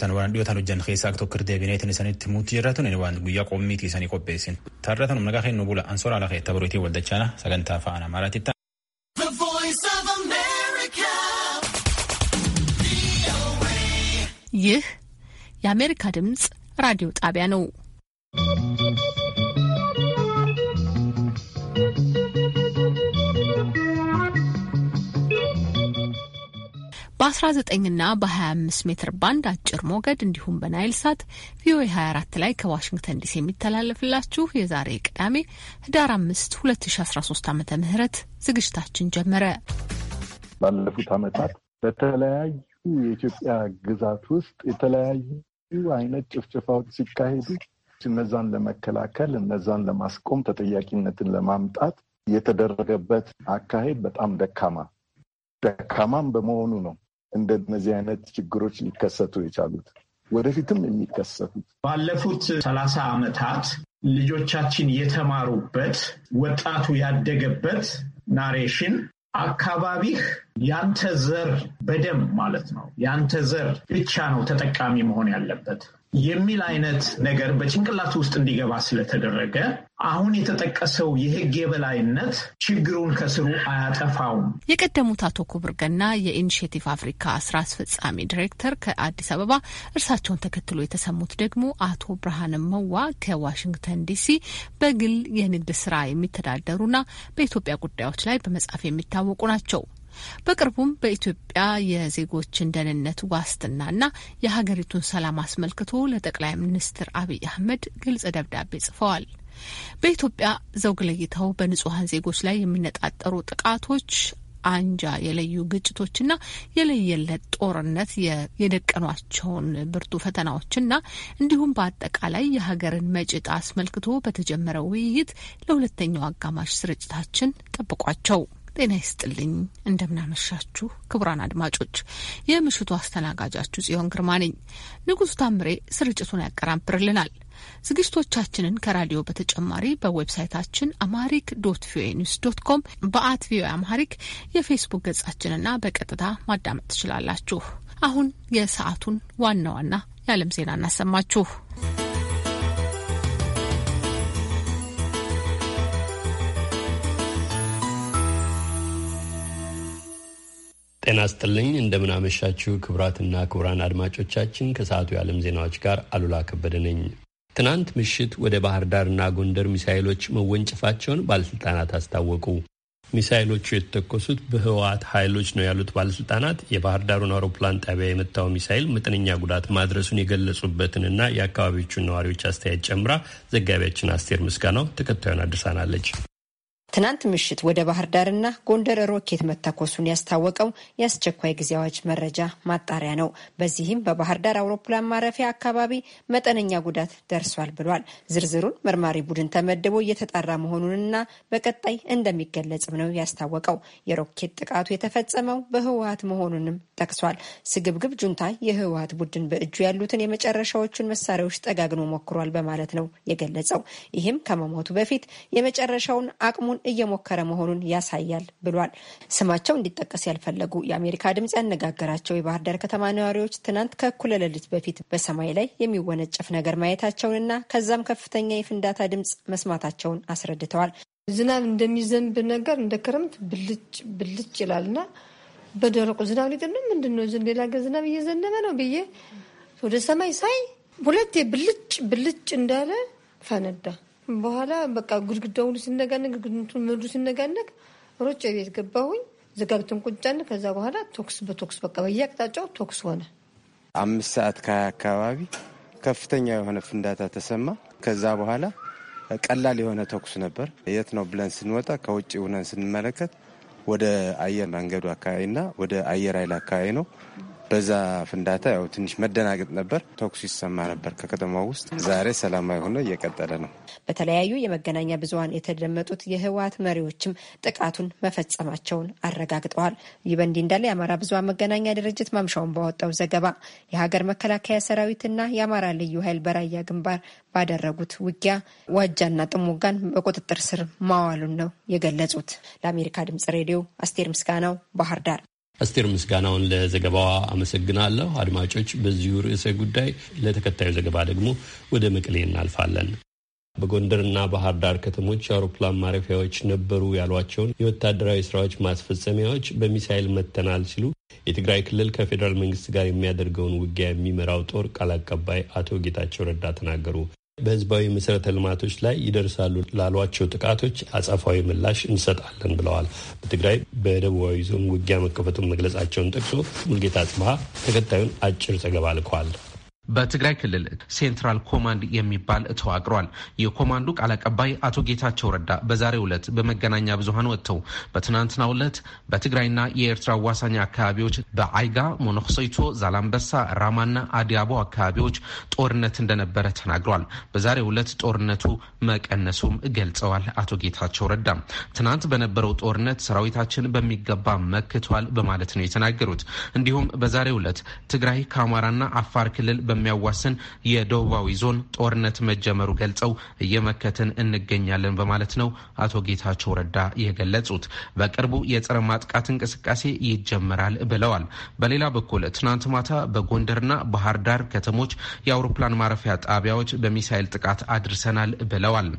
Tan waan dhiyoo dhiyootaan hojjan keessaa akka tokko deebinee itin isaanitti muuti jirra ture waan guyyaa qoomiitii isaanii qopheessin. Tarra tan nagaa kennu bula ansoraa lafa itti boriitii waldachaana sagantaa afaan amaaraatti ta'a. ይህ የአሜሪካ ድምፅ ራዲዮ ጣቢያ ነው። በ19 ና በ25 ሜትር ባንድ አጭር ሞገድ እንዲሁም በናይል ሳት ቪኦኤ 24 ላይ ከዋሽንግተን ዲሲ የሚተላለፍላችሁ የዛሬ ቅዳሜ ህዳር 5 2013 ዓ ም ዝግጅታችን ጀመረ። ባለፉት ዓመታት በተለያዩ የኢትዮጵያ ግዛት ውስጥ የተለያዩ አይነት ጭፍጭፋዎች ሲካሄዱ እነዛን ለመከላከል እነዛን ለማስቆም ተጠያቂነትን ለማምጣት የተደረገበት አካሄድ በጣም ደካማ ደካማም በመሆኑ ነው እንደነዚህ አይነት ችግሮች ሊከሰቱ የቻሉት ወደፊትም የሚከሰቱት ባለፉት ሰላሳ ዓመታት ልጆቻችን የተማሩበት ወጣቱ ያደገበት ናሬሽን አካባቢህ ያንተ ዘር በደም ማለት ነው ያንተ ዘር ብቻ ነው ተጠቃሚ መሆን ያለበት የሚል አይነት ነገር በጭንቅላት ውስጥ እንዲገባ ስለተደረገ አሁን የተጠቀሰው የሕግ የበላይነት ችግሩን ከስሩ አያጠፋውም። የቀደሙት አቶ ኩብር ገና የኢኒሽቲቭ አፍሪካ ስራ አስፈጻሚ ዲሬክተር ከአዲስ አበባ፣ እርሳቸውን ተከትሎ የተሰሙት ደግሞ አቶ ብርሃን መዋ ከዋሽንግተን ዲሲ በግል የንግድ ስራ የሚተዳደሩና በኢትዮጵያ ጉዳዮች ላይ በመጻፍ የሚታወቁ ናቸው። በቅርቡም በኢትዮጵያ የዜጎችን ደህንነት ዋስትናና የሀገሪቱን ሰላም አስመልክቶ ለጠቅላይ ሚኒስትር አብይ አህመድ ግልጽ ደብዳቤ ጽፈዋል። በኢትዮጵያ ዘውግ ለይተው በንጹሐን ዜጎች ላይ የሚነጣጠሩ ጥቃቶች አንጃ የለዩ ግጭቶችና የለየለት ጦርነት የደቀኗቸውን ብርቱ ፈተናዎችና እንዲሁም በአጠቃላይ የሀገርን መጭጣ አስመልክቶ በተጀመረው ውይይት ለሁለተኛው አጋማሽ ስርጭታችን ጠብቋቸው። ጤና ይስጥልኝ። እንደምናመሻችሁ ክቡራን አድማጮች፣ የምሽቱ አስተናጋጃችሁ ጽዮን ግርማ ነኝ። ንጉሱ ታምሬ ስርጭቱን ያቀራብርልናል። ዝግጅቶቻችንን ከራዲዮ በተጨማሪ በዌብሳይታችን አማሪክ ዶት ቪኦኤ ኒውስ ዶት ኮም በአት ቪኦኤ አማሪክ የፌስቡክ ገጻችንና በቀጥታ ማዳመጥ ትችላላችሁ። አሁን የሰዓቱን ዋና ዋና የዓለም ዜና እናሰማችሁ። ጤና ስጥልኝ። እንደምናመሻችሁ ክቡራትና ክቡራን አድማጮቻችን ከሰዓቱ የዓለም ዜናዎች ጋር አሉላ ከበደ ነኝ። ትናንት ምሽት ወደ ባህር ዳርና ጎንደር ሚሳይሎች መወንጨፋቸውን ባለሥልጣናት አስታወቁ። ሚሳይሎቹ የተተኮሱት በህወሓት ኃይሎች ነው ያሉት ባለሥልጣናት የባህር ዳሩን አውሮፕላን ጣቢያ የመታው ሚሳይል መጠነኛ ጉዳት ማድረሱን የገለጹበትንና የአካባቢዎቹን ነዋሪዎች አስተያየት ጨምራ ዘጋቢያችን አስቴር ምስጋናው ተከታዩን አድርሳናለች። ትናንት ምሽት ወደ ባህር ዳርና ጎንደር ሮኬት መተኮሱን ያስታወቀው የአስቸኳይ ጊዜ አዋጅ መረጃ ማጣሪያ ነው። በዚህም በባህር ዳር አውሮፕላን ማረፊያ አካባቢ መጠነኛ ጉዳት ደርሷል ብሏል። ዝርዝሩን መርማሪ ቡድን ተመድቦ እየተጣራ መሆኑንና በቀጣይ እንደሚገለጽም ነው ያስታወቀው። የሮኬት ጥቃቱ የተፈጸመው በህወሀት መሆኑንም ጠቅሷል። ስግብግብ ጁንታ የህወሀት ቡድን በእጁ ያሉትን የመጨረሻዎቹን መሳሪያዎች ጠጋግኖ ሞክሯል በማለት ነው የገለጸው። ይህም ከመሞቱ በፊት የመጨረሻውን አቅሙን እየሞከረ መሆኑን ያሳያል ብሏል። ስማቸው እንዲጠቀስ ያልፈለጉ የአሜሪካ ድምፅ ያነጋገራቸው የባህር ዳር ከተማ ነዋሪዎች ትናንት ከእኩለ ሌሊት በፊት በሰማይ ላይ የሚወነጨፍ ነገር ማየታቸውንና ከዛም ከፍተኛ የፍንዳታ ድምፅ መስማታቸውን አስረድተዋል። ዝናብ እንደሚዘንብ ነገር እንደ ክረምት ብልጭ ብልጭ ይላልና በደረቁ ዝናብ ሊጥል ምንድን ነው? ሌላ ገር ዝናብ እየዘነበ ነው ብዬ ወደ ሰማይ ሳይ ሁለቴ ብልጭ ብልጭ እንዳለ ፈነዳ። በኋላ በቃ ግድግዳው ሁሉ ሲነጋነግ ሲነጋነቅ፣ ምዱ ሲነጋነግ ሮጬ ቤት ገባሁኝ። ዘጋግትን ቁጫን። ከዛ በኋላ ቶክስ በቶክስ በቃ በየአቅጣጫው ቶክስ ሆነ። አምስት ሰዓት ከሀያ አካባቢ ከፍተኛ የሆነ ፍንዳታ ተሰማ። ከዛ በኋላ ቀላል የሆነ ተኩስ ነበር። የት ነው ብለን ስንወጣ ከውጭ ሁነን ስንመለከት ወደ አየር መንገዱ አካባቢና ወደ አየር ኃይል አካባቢ ነው። በዛ ፍንዳታ ያው ትንሽ መደናገጥ ነበር። ተኩስ ይሰማ ነበር ከከተማው ውስጥ። ዛሬ ሰላማዊ ሆነ እየቀጠለ ነው። በተለያዩ የመገናኛ ብዙኃን የተደመጡት የህወሀት መሪዎችም ጥቃቱን መፈጸማቸውን አረጋግጠዋል። ይህ በእንዲህ እንዳለ የአማራ ብዙኃን መገናኛ ድርጅት ማምሻውን ባወጣው ዘገባ የሀገር መከላከያ ሰራዊትና የአማራ ልዩ ኃይል በራያ ግንባር ባደረጉት ውጊያ ዋጃና ጥሙጋን በቁጥጥር ስር ማዋሉን ነው የገለጹት። ለአሜሪካ ድምጽ ሬዲዮ አስቴር ምስጋናው ባህር ዳር። አስቴር ምስጋናውን ለዘገባዋ አመሰግናለሁ። አድማጮች፣ በዚሁ ርዕሰ ጉዳይ ለተከታዩ ዘገባ ደግሞ ወደ መቀሌ እናልፋለን። በጎንደርና ባህር ዳር ከተሞች የአውሮፕላን ማረፊያዎች ነበሩ ያሏቸውን የወታደራዊ ስራዎች ማስፈጸሚያዎች በሚሳይል መተናል ሲሉ የትግራይ ክልል ከፌዴራል መንግስት ጋር የሚያደርገውን ውጊያ የሚመራው ጦር ቃል አቀባይ አቶ ጌታቸው ረዳ ተናገሩ። በህዝባዊ መሰረተ ልማቶች ላይ ይደርሳሉ ላሏቸው ጥቃቶች አጸፋዊ ምላሽ እንሰጣለን ብለዋል። በትግራይ በደቡባዊ ዞን ውጊያ መከፈቱን መግለጻቸውን ጠቅሶ ሙልጌታ ጽብሃ ተከታዩን አጭር ዘገባ ልከዋል። በትግራይ ክልል ሴንትራል ኮማንድ የሚባል ተዋቅሯል። የኮማንዱ ቃል አቀባይ አቶ ጌታቸው ረዳ በዛሬው ዕለት በመገናኛ ብዙሀን ወጥተው በትናንትናው ዕለት በትግራይና የኤርትራ አዋሳኝ አካባቢዎች በአይጋ፣ ሞኖክሰይቶ፣ ዛላምበሳ፣ ራማና አዲያቦ አካባቢዎች ጦርነት እንደነበረ ተናግሯል። በዛሬው ዕለት ጦርነቱ መቀነሱም ገልጸዋል። አቶ ጌታቸው ረዳ ትናንት በነበረው ጦርነት ሰራዊታችን በሚገባ መክቷል በማለት ነው የተናገሩት። እንዲሁም በዛሬው ዕለት ትግራይ ከአማራና አፋር ክልል በሚያዋስን የደቡባዊ ዞን ጦርነት መጀመሩ ገልጸው እየመከትን እንገኛለን በማለት ነው አቶ ጌታቸው ረዳ የገለጹት። በቅርቡ የጸረ ማጥቃት እንቅስቃሴ ይጀመራል ብለዋል። በሌላ በኩል ትናንት ማታ በጎንደርና ባህር ዳር ከተሞች የአውሮፕላን ማረፊያ ጣቢያዎች በሚሳይል ጥቃት አድርሰናል ብለዋል።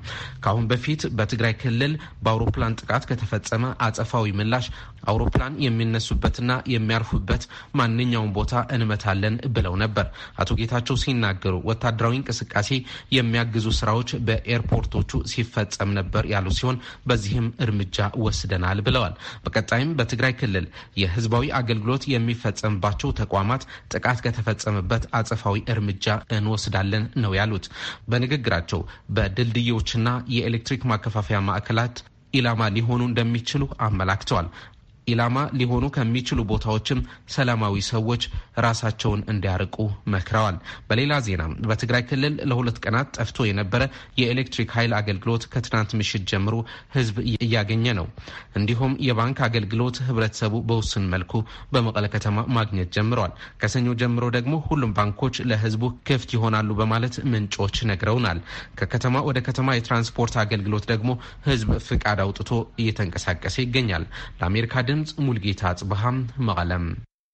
ከአሁን በፊት በትግራይ ክልል በአውሮፕላን ጥቃት ከተፈጸመ አጸፋዊ ምላሽ አውሮፕላን የሚነሱበትና የሚያርፉበት ማንኛውም ቦታ እንመታለን ብለው ነበር። አቶ ቆይታቸው ሲናገሩ ወታደራዊ እንቅስቃሴ የሚያግዙ ስራዎች በኤርፖርቶቹ ሲፈጸም ነበር ያሉ ሲሆን በዚህም እርምጃ ወስደናል ብለዋል። በቀጣይም በትግራይ ክልል የህዝባዊ አገልግሎት የሚፈጸምባቸው ተቋማት ጥቃት ከተፈጸመበት አጸፋዊ እርምጃ እንወስዳለን ነው ያሉት። በንግግራቸው በድልድዮችና የኤሌክትሪክ ማከፋፈያ ማዕከላት ኢላማ ሊሆኑ እንደሚችሉ አመላክተዋል። ኢላማ ሊሆኑ ከሚችሉ ቦታዎችም ሰላማዊ ሰዎች ራሳቸውን እንዲያርቁ መክረዋል። በሌላ ዜና በትግራይ ክልል ለሁለት ቀናት ጠፍቶ የነበረ የኤሌክትሪክ ኃይል አገልግሎት ከትናንት ምሽት ጀምሮ ህዝብ እያገኘ ነው። እንዲሁም የባንክ አገልግሎት ህብረተሰቡ በውስን መልኩ በመቀለ ከተማ ማግኘት ጀምረዋል። ከሰኞ ጀምሮ ደግሞ ሁሉም ባንኮች ለህዝቡ ክፍት ይሆናሉ በማለት ምንጮች ነግረውናል። ከከተማ ወደ ከተማ የትራንስፖርት አገልግሎት ደግሞ ህዝብ ፍቃድ አውጥቶ እየተንቀሳቀሰ ይገኛል። ለአሜሪካ ድምፅ ድምፅ ሙልጌታ ጽብሃም መቀለም።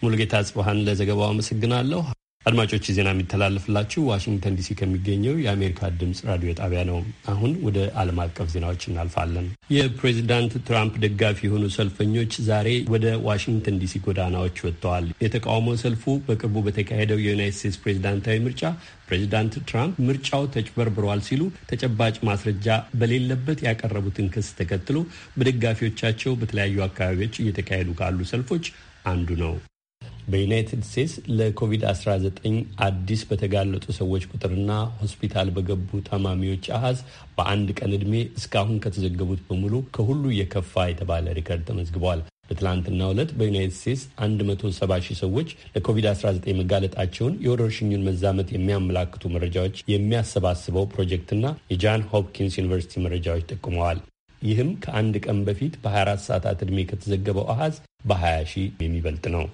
ሙልጌታ ጽብሃን ለዘገባው አመሰግናለሁ። አድማጮች ዜና የሚተላለፍላችሁ ዋሽንግተን ዲሲ ከሚገኘው የአሜሪካ ድምፅ ራዲዮ ጣቢያ ነው። አሁን ወደ ዓለም አቀፍ ዜናዎች እናልፋለን። የፕሬዚዳንት ትራምፕ ደጋፊ የሆኑ ሰልፈኞች ዛሬ ወደ ዋሽንግተን ዲሲ ጎዳናዎች ወጥተዋል። የተቃውሞ ሰልፉ በቅርቡ በተካሄደው የዩናይት ስቴትስ ፕሬዚዳንታዊ ምርጫ ፕሬዚዳንት ትራምፕ ምርጫው ተጭበርብሯል ሲሉ ተጨባጭ ማስረጃ በሌለበት ያቀረቡትን ክስ ተከትሎ በደጋፊዎቻቸው በተለያዩ አካባቢዎች እየተካሄዱ ካሉ ሰልፎች አንዱ ነው። በዩናይትድ ስቴትስ ለኮቪድ-19 አዲስ በተጋለጡ ሰዎች ቁጥርና ሆስፒታል በገቡ ታማሚዎች አሀዝ በአንድ ቀን ዕድሜ እስካሁን ከተዘገቡት በሙሉ ከሁሉ የከፋ የተባለ ሪከርድ ተመዝግበዋል። በትላንትናው ዕለት በዩናይትድ ስቴትስ 170 ሺህ ሰዎች ለኮቪድ-19 መጋለጣቸውን የወረርሽኙን መዛመት የሚያመላክቱ መረጃዎች የሚያሰባስበው ፕሮጀክትና የጃን ሆፕኪንስ ዩኒቨርሲቲ መረጃዎች ጠቁመዋል። ይህም ከአንድ ቀን በፊት በ24 ሰዓታት ዕድሜ ከተዘገበው አሃዝ በ20 ሺህ የሚበልጥ ነው።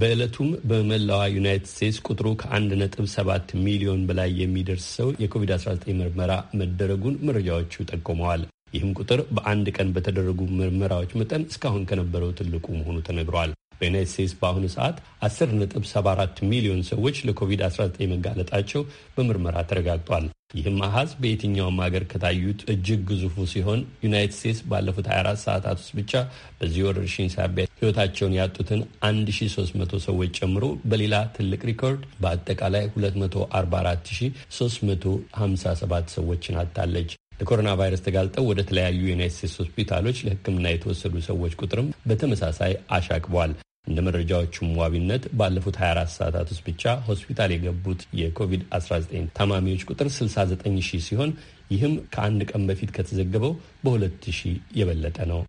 በዕለቱም በመላዋ ዩናይትድ ስቴትስ ቁጥሩ ከ1.7 ሚሊዮን በላይ የሚደርስ ሰው የኮቪድ-19 ምርመራ መደረጉን መረጃዎቹ ጠቁመዋል። ይህም ቁጥር በአንድ ቀን በተደረጉ ምርመራዎች መጠን እስካሁን ከነበረው ትልቁ መሆኑ ተነግሯል። በዩናይት ስቴትስ በአሁኑ ሰዓት 10.74 ሚሊዮን ሰዎች ለኮቪድ-19 መጋለጣቸው በምርመራ ተረጋግጧል። ይህም አሃዝ በየትኛውም ሀገር ከታዩት እጅግ ግዙፉ ሲሆን ዩናይት ስቴትስ ባለፉት 24 ሰዓታት ውስጥ ብቻ በዚህ ወረርሽኝ ሳቢያ ሕይወታቸውን ያጡትን 1300 ሰዎች ጨምሮ በሌላ ትልቅ ሪኮርድ በአጠቃላይ 244357 ሰዎችን አጣለች። ለኮሮና ቫይረስ ተጋልጠው ወደ ተለያዩ የዩናይት ስቴትስ ሆስፒታሎች ለሕክምና የተወሰዱ ሰዎች ቁጥርም በተመሳሳይ አሻቅቧል። እንደ መረጃዎቹም ዋቢነት ባለፉት 24 ሰዓታት ውስጥ ብቻ ሆስፒታል የገቡት የኮቪድ-19 ታማሚዎች ቁጥር 69 ሺህ ሲሆን ይህም ከአንድ ቀን በፊት ከተዘገበው በ2 ሺህ የበለጠ ነው።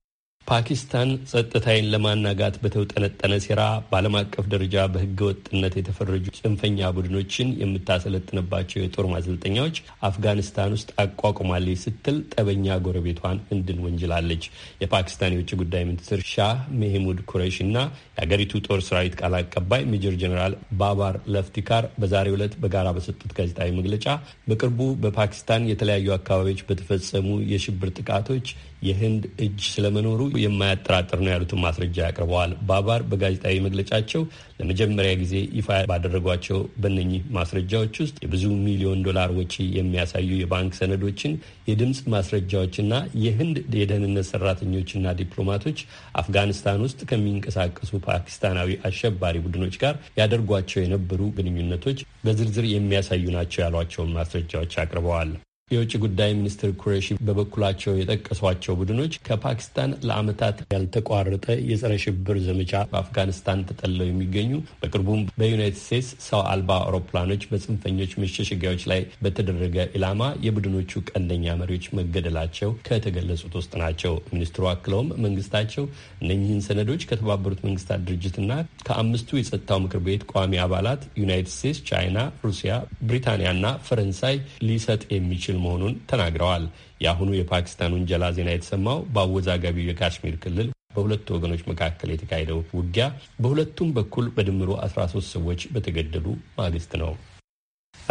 ፓኪስታን ጸጥታዬን ለማናጋት በተውጠነጠነ ሴራ በዓለም አቀፍ ደረጃ በሕገ ወጥነት የተፈረጁ ጽንፈኛ ቡድኖችን የምታሰለጥንባቸው የጦር ማሰልጠኛዎች አፍጋኒስታን ውስጥ አቋቁማለች ስትል ጠበኛ ጎረቤቷን ህንድን ወንጅላለች። የፓኪስታን የውጭ ጉዳይ ሚኒስትር ሻህ መህሙድ ኩሬሽ እና የአገሪቱ ጦር ሰራዊት ቃል አቀባይ ሜጀር ጀኔራል ባባር ለፍቲካር በዛሬው ዕለት በጋራ በሰጡት ጋዜጣዊ መግለጫ በቅርቡ በፓኪስታን የተለያዩ አካባቢዎች በተፈጸሙ የሽብር ጥቃቶች የህንድ እጅ ስለመኖሩ የማያጠራጥር ነው ያሉትን ማስረጃ ያቅርበዋል። ባባር በጋዜጣዊ መግለጫቸው ለመጀመሪያ ጊዜ ይፋ ባደረጓቸው በነኚህ ማስረጃዎች ውስጥ የብዙ ሚሊዮን ዶላር ወጪ የሚያሳዩ የባንክ ሰነዶችን፣ የድምፅ ማስረጃዎችና የህንድ የደህንነት ሰራተኞችና ዲፕሎማቶች አፍጋኒስታን ውስጥ ከሚንቀሳቀሱ ፓኪስታናዊ አሸባሪ ቡድኖች ጋር ያደርጓቸው የነበሩ ግንኙነቶች በዝርዝር የሚያሳዩ ናቸው ያሏቸውን ማስረጃዎች አቅርበዋል። የውጭ ጉዳይ ሚኒስትር ኩሬሺ በበኩላቸው የጠቀሷቸው ቡድኖች ከፓኪስታን ለዓመታት ያልተቋረጠ የጸረ ሽብር ዘመቻ በአፍጋኒስታን ተጠልለው የሚገኙ በቅርቡም በዩናይትድ ስቴትስ ሰው አልባ አውሮፕላኖች በጽንፈኞች መሸሸጊያዎች ላይ በተደረገ ኢላማ የቡድኖቹ ቀንደኛ መሪዎች መገደላቸው ከተገለጹት ውስጥ ናቸው። ሚኒስትሩ አክለውም መንግስታቸው እነኚህን ሰነዶች ከተባበሩት መንግስታት ድርጅትና ከአምስቱ የጸጥታው ምክር ቤት ቋሚ አባላት ዩናይትድ ስቴትስ፣ ቻይና፣ ሩሲያ፣ ብሪታንያና ፈረንሳይ ሊሰጥ የሚችል የሚችል መሆኑን ተናግረዋል። የአሁኑ የፓኪስታን ውንጀላ ዜና የተሰማው በአወዛጋቢው የካሽሚር ክልል በሁለቱ ወገኖች መካከል የተካሄደው ውጊያ በሁለቱም በኩል በድምሩ 13 ሰዎች በተገደሉ ማግስት ነው።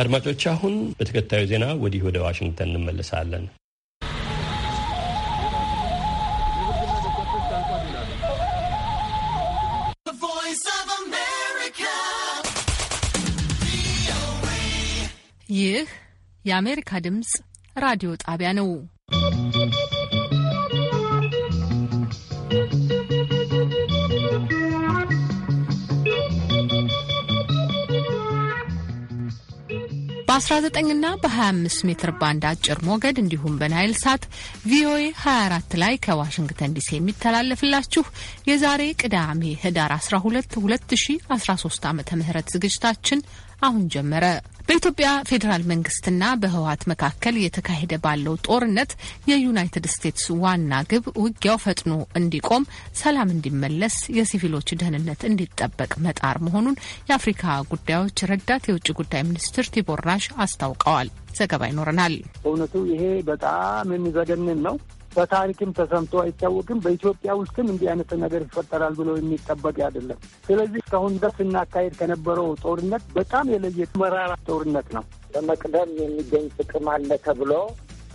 አድማጮች አሁን በተከታዩ ዜና ወዲህ ወደ ዋሽንግተን እንመለሳለን። ይህ የአሜሪካ ድምጽ ራዲዮ ጣቢያ ነው። በ19 እና በ25 ሜትር ባንድ አጭር ሞገድ እንዲሁም በናይል ሳት ቪኦኤ 24 ላይ ከዋሽንግተን ዲሲ የሚተላለፍላችሁ የዛሬ ቅዳሜ ህዳር 12 2013 ዓ ም ዝግጅታችን አሁን ጀመረ። በኢትዮጵያ ፌዴራል መንግስትና በህወሀት መካከል እየተካሄደ ባለው ጦርነት የዩናይትድ ስቴትስ ዋና ግብ ውጊያው ፈጥኖ እንዲቆም፣ ሰላም እንዲመለስ፣ የሲቪሎች ደህንነት እንዲጠበቅ መጣር መሆኑን የአፍሪካ ጉዳዮች ረዳት የውጭ ጉዳይ ሚኒስትር ቲቦር አስታውቀዋል። ዘገባ ይኖረናል። በእውነቱ ይሄ በጣም የሚዘገንን ነው። በታሪክም ተሰምቶ አይታወቅም። በኢትዮጵያ ውስጥም እንዲህ አይነት ነገር ይፈጠራል ብሎ የሚጠበቅ አይደለም። ስለዚህ እስካሁን ድረስ እናካሄድ ከነበረው ጦርነት በጣም የለየ መራራ ጦርነት ነው። በመቅደም የሚገኝ ጥቅም አለ ተብሎ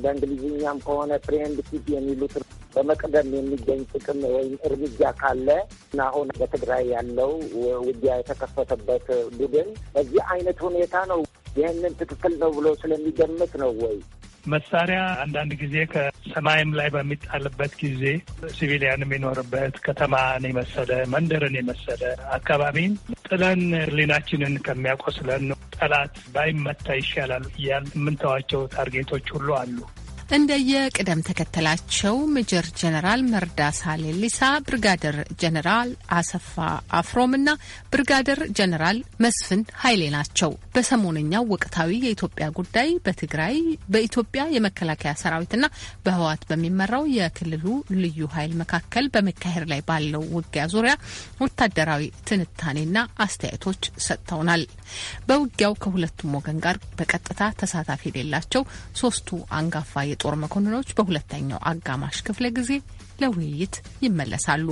በእንግሊዝኛም ከሆነ ፍሬንድ ፊት የሚሉት በመቅደም የሚገኝ ጥቅም ወይም እርምጃ ካለ እና አሁን በትግራይ ያለው ውጊያ የተከፈተበት ቡድን በዚህ አይነት ሁኔታ ነው። ይህንን ትክክል ነው ብሎ ስለሚገምት ነው ወይ መሳሪያ አንዳንድ ጊዜ ከሰማይም ላይ በሚጣልበት ጊዜ ሲቪሊያን የሚኖርበት ከተማን የመሰለ መንደርን የመሰለ አካባቢን ጥለን ሕሊናችንን ከሚያቆስለን ጠላት ባይመታ ይሻላል እያል የምንተዋቸው ታርጌቶች ሁሉ አሉ። እንደየቅደም ተከተላቸው ሜጀር ጀነራል መርዳሳ ሌሊሳ፣ ብርጋደር ጀነራል አሰፋ አፍሮም እና ብርጋደር ጀነራል መስፍን ኃይሌ ናቸው። በሰሞነኛው ወቅታዊ የኢትዮጵያ ጉዳይ በትግራይ በኢትዮጵያ የመከላከያ ሰራዊትና በህወሓት በሚመራው የክልሉ ልዩ ኃይል መካከል በመካሄድ ላይ ባለው ውጊያ ዙሪያ ወታደራዊ ትንታኔና አስተያየቶች ሰጥተውናል። በውጊያው ከሁለቱም ወገን ጋር በቀጥታ ተሳታፊ የሌላቸው ሶስቱ አንጋፋ የጦር መኮንኖች በሁለተኛው አጋማሽ ክፍለ ጊዜ ለውይይት ይመለሳሉ።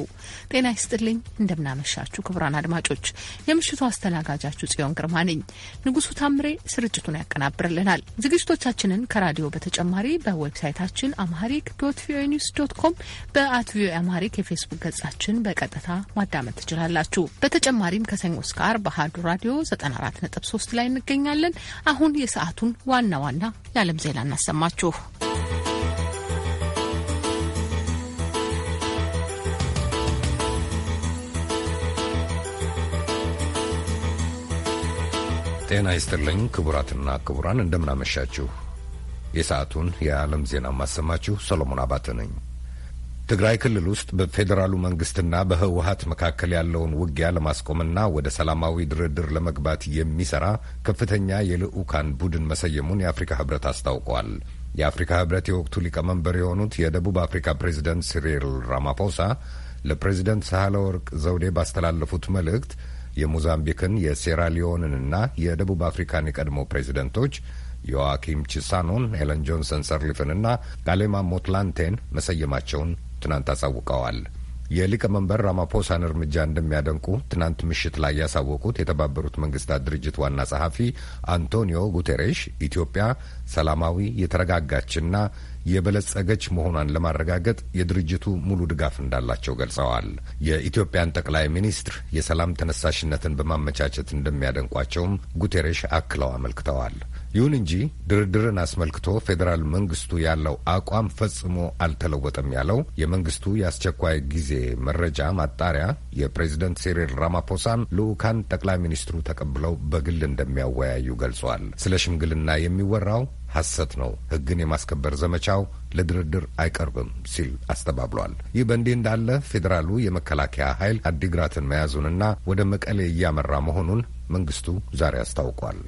ጤና ይስጥልኝ፣ እንደምናመሻችሁ ክቡራን አድማጮች፣ የምሽቱ አስተናጋጃችሁ ጽዮን ግርማ ነኝ። ንጉሱ ታምሬ ስርጭቱን ያቀናብርልናል። ዝግጅቶቻችንን ከራዲዮ በተጨማሪ በዌብሳይታችን አማሪክ ዶት ቪኦኤ ኒውስ ዶት ኮም፣ በአት ቪኦኤ አማሪክ የፌስቡክ ገጻችን በቀጥታ ማዳመጥ ትችላላችሁ። በተጨማሪም ከሰኞ እስከ ዓርብ በአሀዱ ራዲዮ 94.3 ላይ እንገኛለን። አሁን የሰዓቱን ዋና ዋና የዓለም ዜና እናሰማችሁ። ጤና ይስጥልኝ ክቡራትና ክቡራን፣ እንደምናመሻችሁ። የሰዓቱን የዓለም ዜና ማሰማችሁ ሰሎሞን አባተ ነኝ። ትግራይ ክልል ውስጥ በፌዴራሉ መንግስትና በህወሀት መካከል ያለውን ውጊያ ለማስቆምና ወደ ሰላማዊ ድርድር ለመግባት የሚሰራ ከፍተኛ የልዑካን ቡድን መሰየሙን የአፍሪካ ህብረት አስታውቋል። የአፍሪካ ህብረት የወቅቱ ሊቀመንበር የሆኑት የደቡብ አፍሪካ ፕሬዚደንት ሲሪል ራማፎሳ ለፕሬዚደንት ወርቅ ዘውዴ ባስተላለፉት መልእክት የሞዛምቢክን የሴራሊዮንንና የደቡብ አፍሪካን የቀድሞ ፕሬዚደንቶች ዮዋኪም ቺሳኖን፣ ሄለን ጆንሰን ሰርሊፍንና ጋሌማ ሞትላንቴን መሰየማቸውን ትናንት አሳውቀዋል። የሊቀመንበር ራማፖሳን እርምጃ እንደሚያደንቁ ትናንት ምሽት ላይ ያሳወቁት የተባበሩት መንግስታት ድርጅት ዋና ጸሐፊ አንቶኒዮ ጉቴሬሽ ኢትዮጵያ ሰላማዊ የተረጋጋችና የበለጸገች መሆኗን ለማረጋገጥ የድርጅቱ ሙሉ ድጋፍ እንዳላቸው ገልጸዋል። የኢትዮጵያን ጠቅላይ ሚኒስትር የሰላም ተነሳሽነትን በማመቻቸት እንደሚያደንቋቸውም ጉቴሬሽ አክለው አመልክተዋል። ይሁን እንጂ ድርድርን አስመልክቶ ፌዴራል መንግስቱ ያለው አቋም ፈጽሞ አልተለወጠም ያለው የመንግስቱ የአስቸኳይ ጊዜ መረጃ ማጣሪያ የፕሬዝደንት ሲሪል ራማፖሳን ልዑካን ጠቅላይ ሚኒስትሩ ተቀብለው በግል እንደሚያወያዩ ገልጿል። ስለ ሽምግልና የሚወራው ሐሰት ነው፣ ህግን የማስከበር ዘመቻው ለድርድር አይቀርብም ሲል አስተባብሏል። ይህ በእንዲህ እንዳለ ፌዴራሉ የመከላከያ ኃይል አዲግራትን መያዙንና ወደ መቀሌ እያመራ መሆኑን መንግስቱ ዛሬ አስታውቋል።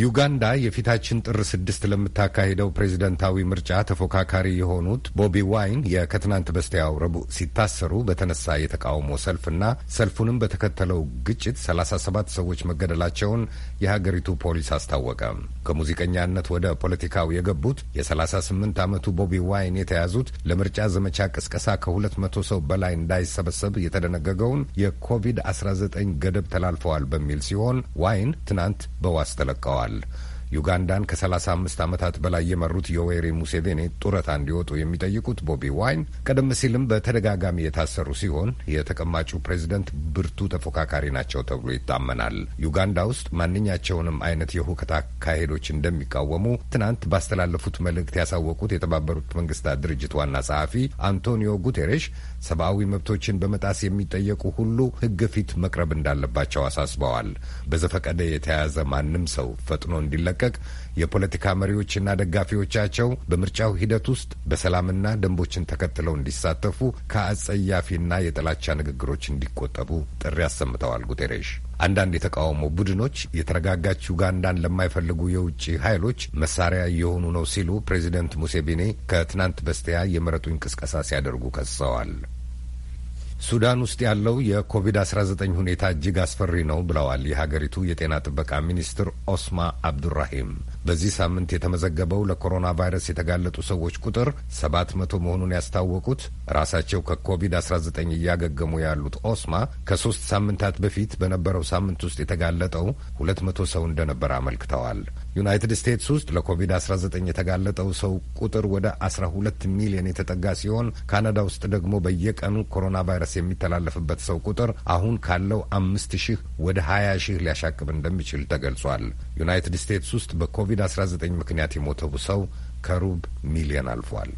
ዩጋንዳ የፊታችን ጥር ስድስት ለምታካሄደው ፕሬዚደንታዊ ምርጫ ተፎካካሪ የሆኑት ቦቢ ዋይን የከትናንት በስቲያው ረቡዕ ሲታሰሩ በተነሳ የተቃውሞ ሰልፍና ሰልፉንም በተከተለው ግጭት ሰላሳ ሰባት ሰዎች መገደላቸውን የሀገሪቱ ፖሊስ አስታወቀ። ከሙዚቀኛነት ወደ ፖለቲካው የገቡት የ38 ዓመቱ ቦቢ ዋይን የተያዙት ለምርጫ ዘመቻ ቅስቀሳ ከ መቶ ሰው በላይ እንዳይሰበሰብ የተደነገገውን የኮቪድ-19 ገደብ ተላልፈዋል በሚል ሲሆን ዋይን ትናንት በዋስ ተለቀዋል። ተናግረዋል። ዩጋንዳን ከ35 ዓመታት በላይ የመሩት ዮዌሪ ሙሴቬኒ ጡረታ እንዲወጡ የሚጠይቁት ቦቢ ዋይን ቀደም ሲልም በተደጋጋሚ የታሰሩ ሲሆን የተቀማጩ ፕሬዝደንት ብርቱ ተፎካካሪ ናቸው ተብሎ ይታመናል። ዩጋንዳ ውስጥ ማንኛቸውንም አይነት የሁከት አካሄዶች እንደሚቃወሙ ትናንት ባስተላለፉት መልእክት ያሳወቁት የተባበሩት መንግስታት ድርጅት ዋና ጸሐፊ አንቶኒዮ ጉቴሬሽ ሰብአዊ መብቶችን በመጣስ የሚጠየቁ ሁሉ ሕግ ፊት መቅረብ እንዳለባቸው አሳስበዋል። በዘፈቀደ የተያዘ ማንም ሰው ፈጥኖ እንዲለቀቅ የፖለቲካ መሪዎችና ደጋፊዎቻቸው በምርጫው ሂደት ውስጥ በሰላምና ደንቦችን ተከትለው እንዲሳተፉ ከአጸያፊና የጥላቻ ንግግሮች እንዲቆጠቡ ጥሪ አሰምተዋል ጉቴሬሽ። አንዳንድ የተቃውሞ ቡድኖች የተረጋጋች ዩጋንዳን ለማይፈልጉ የውጭ ኃይሎች መሳሪያ እየሆኑ ነው ሲሉ ፕሬዚደንት ሙሴቬኒ ከትናንት በስቲያ የምረጡኝ ቅስቀሳ ሲያደርጉ ከሰዋል። ሱዳን ውስጥ ያለው የኮቪድ-19 ሁኔታ እጅግ አስፈሪ ነው ብለዋል የሀገሪቱ የጤና ጥበቃ ሚኒስትር ኦስማ አብዱራሂም። በዚህ ሳምንት የተመዘገበው ለኮሮና ቫይረስ የተጋለጡ ሰዎች ቁጥር ሰባት መቶ መሆኑን ያስታወቁት ራሳቸው ከኮቪድ-19 እያገገሙ ያሉት ኦስማ ከሶስት ሳምንታት በፊት በነበረው ሳምንት ውስጥ የተጋለጠው ሁለት መቶ ሰው እንደነበር አመልክተዋል። ዩናይትድ ስቴትስ ውስጥ ለኮቪድ-19 የተጋለጠው ሰው ቁጥር ወደ 12 ሚሊዮን የተጠጋ ሲሆን ካናዳ ውስጥ ደግሞ በየቀኑ ኮሮና ቫይረስ የሚተላለፍበት ሰው ቁጥር አሁን ካለው አምስት ሺህ ወደ 20 ሺህ ሊያሻቅብ እንደሚችል ተገልጿል። ዩናይትድ ስቴትስ ውስጥ በኮቪድ-19 ምክንያት የሞተው ሰው ከሩብ ሚሊዮን አልፏል።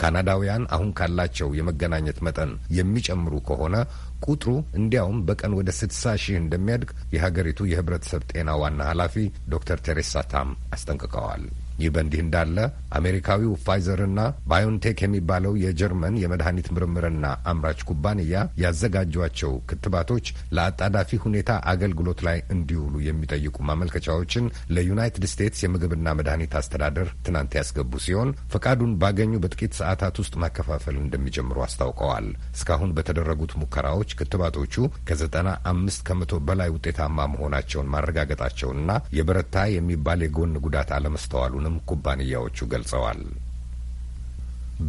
ካናዳውያን አሁን ካላቸው የመገናኘት መጠን የሚጨምሩ ከሆነ ቁጥሩ እንዲያውም በቀን ወደ 60 ሺህ እንደሚያድግ የሀገሪቱ የህብረተሰብ ጤና ዋና ኃላፊ ዶክተር ቴሬሳ ታም አስጠንቅቀዋል። ይህ በእንዲህ እንዳለ አሜሪካዊው ፋይዘርና ባዮንቴክ የሚባለው የጀርመን የመድኃኒት ምርምርና አምራች ኩባንያ ያዘጋጇቸው ክትባቶች ለአጣዳፊ ሁኔታ አገልግሎት ላይ እንዲውሉ የሚጠይቁ ማመልከቻዎችን ለዩናይትድ ስቴትስ የምግብና መድኃኒት አስተዳደር ትናንት ያስገቡ ሲሆን ፈቃዱን ባገኙ በጥቂት ሰዓታት ውስጥ ማከፋፈል እንደሚጀምሩ አስታውቀዋል። እስካሁን በተደረጉት ሙከራዎች ክትባቶቹ ከዘጠና አምስት ከመቶ በላይ ውጤታማ መሆናቸውን ማረጋገጣቸውንና የበረታ የሚባል የጎን ጉዳት አለመስተዋሉ መሆኑንም ኩባንያዎቹ ገልጸዋል።